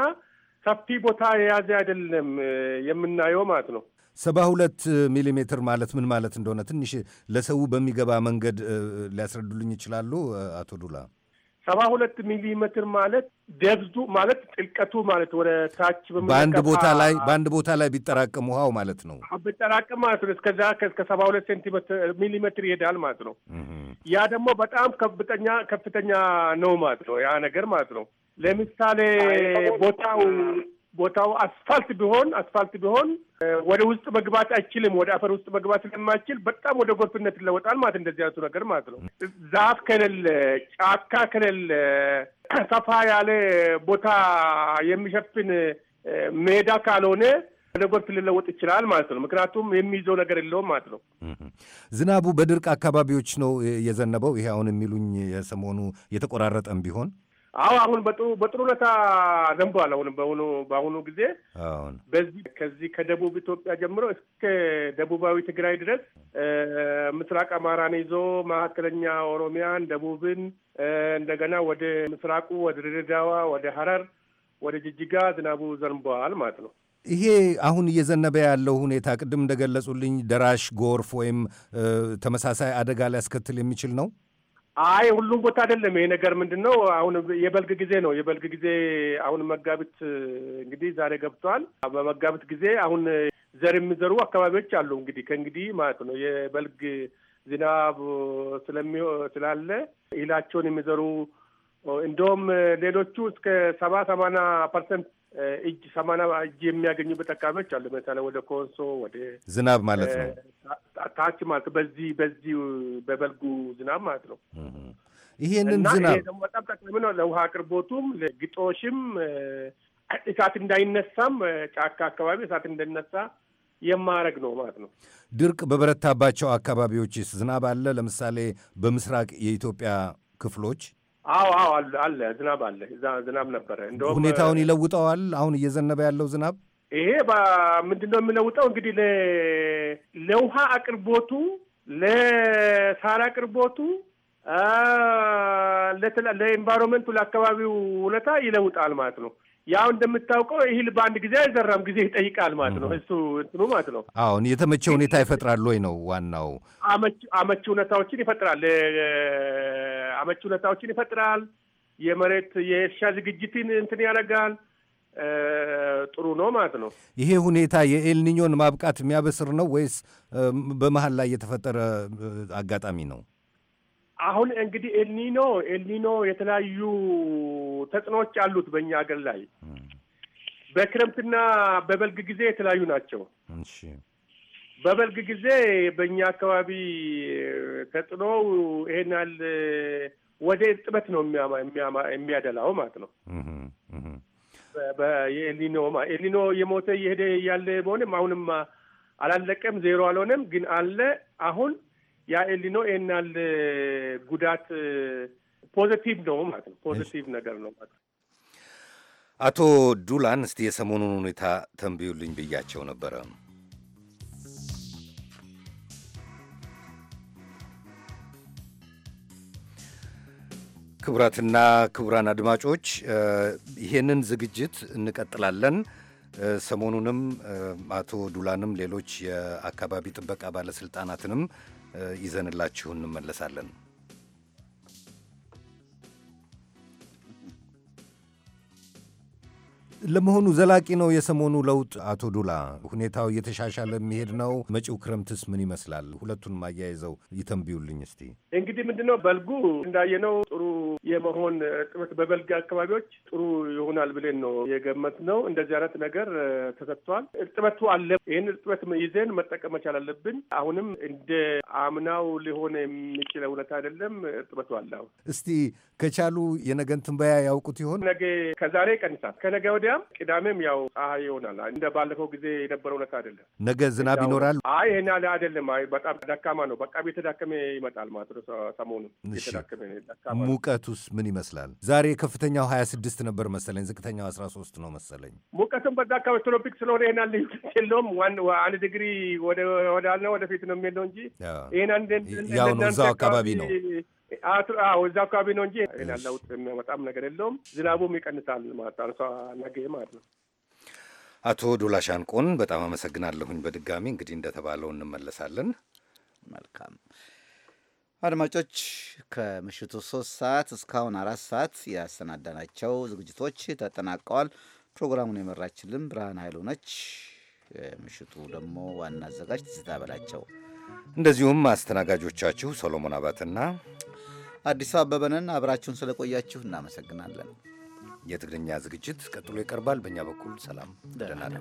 ሰፊ ቦታ የያዘ አይደለም የምናየው ማለት ነው። ሰባ ሁለት ሜትር ማለት ምን ማለት እንደሆነ ትንሽ ለሰው በሚገባ መንገድ ሊያስረዱልኝ ይችላሉ አቶ ዱላ? ሰባ ሁለት ሜትር ማለት ደብዙ ማለት ጥልቀቱ ማለት ወደ ታች በአንድ ቦታ ላይ በአንድ ቦታ ላይ ቢጠራቅም ውሃው ማለት ነው። ቢጠራቅም ማለት ነው እስከዛ እስከ ሰባ ሁለት ሴንቲሜትር ሜትር ይሄዳል ማለት ነው። ያ ደግሞ በጣም ከፍተኛ ከፍተኛ ነው ማለት ነው። ያ ነገር ማለት ነው። ለምሳሌ ቦታው ቦታው አስፋልት ቢሆን አስፋልት ቢሆን ወደ ውስጥ መግባት አይችልም። ወደ አፈር ውስጥ መግባት ስለማይችል በጣም ወደ ጎርፍነት ይለወጣል ማለት እንደዚህ አይነቱ ነገር ማለት ነው። ዛፍ ከሌለ፣ ጫካ ከሌለ፣ ሰፋ ያለ ቦታ የሚሸፍን ሜዳ ካልሆነ ወደ ጎርፍ ሊለወጥ ይችላል ማለት ነው። ምክንያቱም የሚይዘው ነገር የለውም ማለት ነው። ዝናቡ በድርቅ አካባቢዎች ነው የዘነበው። ይሄ አሁን የሚሉኝ የሰሞኑ የተቆራረጠም ቢሆን አዎ አሁን በጥሩ በጥሩ ሁኔታ ዘንቧል። አሁን በአሁኑ በአሁኑ ጊዜ በዚህ ከዚህ ከደቡብ ኢትዮጵያ ጀምሮ እስከ ደቡባዊ ትግራይ ድረስ ምስራቅ አማራን ይዞ መካከለኛ ኦሮሚያን፣ ደቡብን እንደገና ወደ ምስራቁ ወደ ድሬዳዋ፣ ወደ ሀረር ወደ ጅጅጋ ዝናቡ ዘንቧል ማለት ነው። ይሄ አሁን እየዘነበ ያለው ሁኔታ ቅድም እንደገለጹልኝ ደራሽ ጎርፍ ወይም ተመሳሳይ አደጋ ሊያስከትል የሚችል ነው። አይ ሁሉም ቦታ አይደለም። ይሄ ነገር ምንድን ነው? አሁን የበልግ ጊዜ ነው። የበልግ ጊዜ አሁን መጋቢት እንግዲህ ዛሬ ገብቷል። በመጋቢት ጊዜ አሁን ዘር የሚዘሩ አካባቢዎች አሉ። እንግዲህ ከእንግዲህ ማለት ነው የበልግ ዝናብ ስለሚ ስላለ እህላቸውን የሚዘሩ እንደውም ሌሎቹ እስከ ሰባ ሰማና ፐርሰንት እጅ ሰማና እጅ የሚያገኙበት አካባቢዎች አሉ። ለምሳሌ ወደ ኮንሶ ወደ ዝናብ ማለት ነው ታች ማለት በዚህ በዚህ በበልጉ ዝናብ ማለት ነው። ይሄንን ዝናብ ደግሞ በጣም ጠቃሚ ነው ለውሃ አቅርቦቱም፣ ለግጦሽም እሳት እንዳይነሳም ጫካ አካባቢ እሳት እንዳይነሳ የማረግ ነው ማለት ነው። ድርቅ በበረታባቸው አካባቢዎችስ ዝናብ አለ? ለምሳሌ በምስራቅ የኢትዮጵያ ክፍሎች። አዎ አዎ አለ አለ ዝናብ አለ። እዛ ዝናብ ነበረ። እንደውም ሁኔታውን ይለውጠዋል አሁን እየዘነበ ያለው ዝናብ ይሄ ምንድን ነው እንግዲህ ለውሃ አቅርቦቱ፣ ለሳር አቅርቦቱ፣ ለኤንቫይሮንመንቱ፣ ለአካባቢው ሁኔታ ይለውጣል ማለት ነው። ያው እንደምታውቀው ይህል በአንድ ጊዜ አይዘራም፣ ጊዜ ይጠይቃል ማለት ነው። እሱ እንትኑ ማለት ነው። አሁን የተመቸ ሁኔታ ይፈጥራል ወይ ነው ዋናው። አመች ሁኔታዎችን ይፈጥራል፣ አመች ሁኔታዎችን ይፈጥራል። የመሬት የእርሻ ዝግጅትን እንትን ያደርጋል። ጥሩ ነው ማለት ነው። ይሄ ሁኔታ የኤልኒኞን ማብቃት የሚያበስር ነው ወይስ በመሀል ላይ የተፈጠረ አጋጣሚ ነው? አሁን እንግዲህ ኤልኒኖ ኤልኒኖ የተለያዩ ተጽዕኖዎች አሉት በእኛ ሀገር ላይ በክረምትና በበልግ ጊዜ የተለያዩ ናቸው። በበልግ ጊዜ በእኛ አካባቢ ተጽዕኖ ይሄን ያህል ወደ እርጥበት ነው የሚያደላው ማለት ነው። የኤልኒኖ ኤልኒኖ የሞተ እየሄደ ያለ በሆነም አሁንም አላለቀም፣ ዜሮ አልሆነም፣ ግን አለ። አሁን ያ ኤልኒኖ ይህን ጉዳት ፖዘቲቭ ነው ማለት ነው፣ ፖዘቲቭ ነገር ነው ማለት ነው። አቶ ዱላን እስቲ የሰሞኑን ሁኔታ ተንብዩልኝ ብያቸው ነበረ። ክቡራትና ክቡራን አድማጮች ይህንን ዝግጅት እንቀጥላለን። ሰሞኑንም አቶ ዱላንም ሌሎች የአካባቢ ጥበቃ ባለስልጣናትንም ይዘንላችሁ እንመለሳለን። ለመሆኑ ዘላቂ ነው የሰሞኑ ለውጥ? አቶ ዱላ፣ ሁኔታው እየተሻሻለ የሚሄድ ነው? መጪው ክረምትስ ምን ይመስላል? ሁለቱንም አያይዘው ይተንብዩልኝ እስቲ። እንግዲህ ምንድነው በልጉ እንዳየነው ጥሩ የመሆን እርጥበት በበልግ አካባቢዎች ጥሩ ይሆናል ብለን ነው የገመት ነው። እንደዚህ አይነት ነገር ተሰጥቷል። እርጥበቱ አለ። ይህን እርጥበት ይዘን መጠቀም መቻል አለብን። አሁንም እንደ አምናው ሊሆን የሚችል እውነት አይደለም። እርጥበቱ አለ። አሁን እስቲ ከቻሉ የነገን ትንበያ ያውቁት ይሆን? ነገ ከዛሬ ቀንሳል፣ ከነገ ወዲያም ቅዳሜም ያው ፀሐይ ይሆናል። እንደ ባለፈው ጊዜ የነበረ እውነት አይደለም። ነገ ዝናብ ይኖራል። አይ ይህን ያለ አይደለም። አይ በጣም ደካማ ነው። በቃ ቤተዳከመ ይመጣል ማለት ነው። ሰሞኑን ቤተዳከመ ሙቀቱስ ምን ይመስላል? ዛሬ ከፍተኛው 26 ነበር መሰለኝ፣ ዝቅተኛው 13 ነው መሰለኝ። ሙቀቱም በዛ አካባቢ ትሮፒክ ስለሆነ ይህን አለ የለውም። አንድ ዲግሪ ወዳልና ወደፊት ነው የሚለው እንጂ ይህን አንድ ያው ነው እዛው አካባቢ ነው አዎ እዛ አካባቢ ነው እንጂ ለውጥ የሚያመጣም ነገር የለውም። ዝናቡም ይቀንሳል ማለት አንሷ ነገ ማለት ነው። አቶ ዱላ ሻንቆን በጣም አመሰግናለሁኝ። በድጋሚ እንግዲህ እንደተባለው እንመለሳለን። መልካም አድማጮች ከምሽቱ ሶስት ሰዓት እስካሁን አራት ሰዓት ያሰናዳናቸው ዝግጅቶች ተጠናቀዋል። ፕሮግራሙን የመራችልን ብርሃን ኃይሉ ነች። ምሽቱ ደግሞ ዋና አዘጋጅ ትዝታ በላቸው፣ እንደዚሁም አስተናጋጆቻችሁ ሶሎሞን አባትና አዲስ አበበንን አብራችሁን ስለቆያችሁ እናመሰግናለን። የትግርኛ ዝግጅት ቀጥሎ ይቀርባል። በእኛ በኩል ሰላም ደህና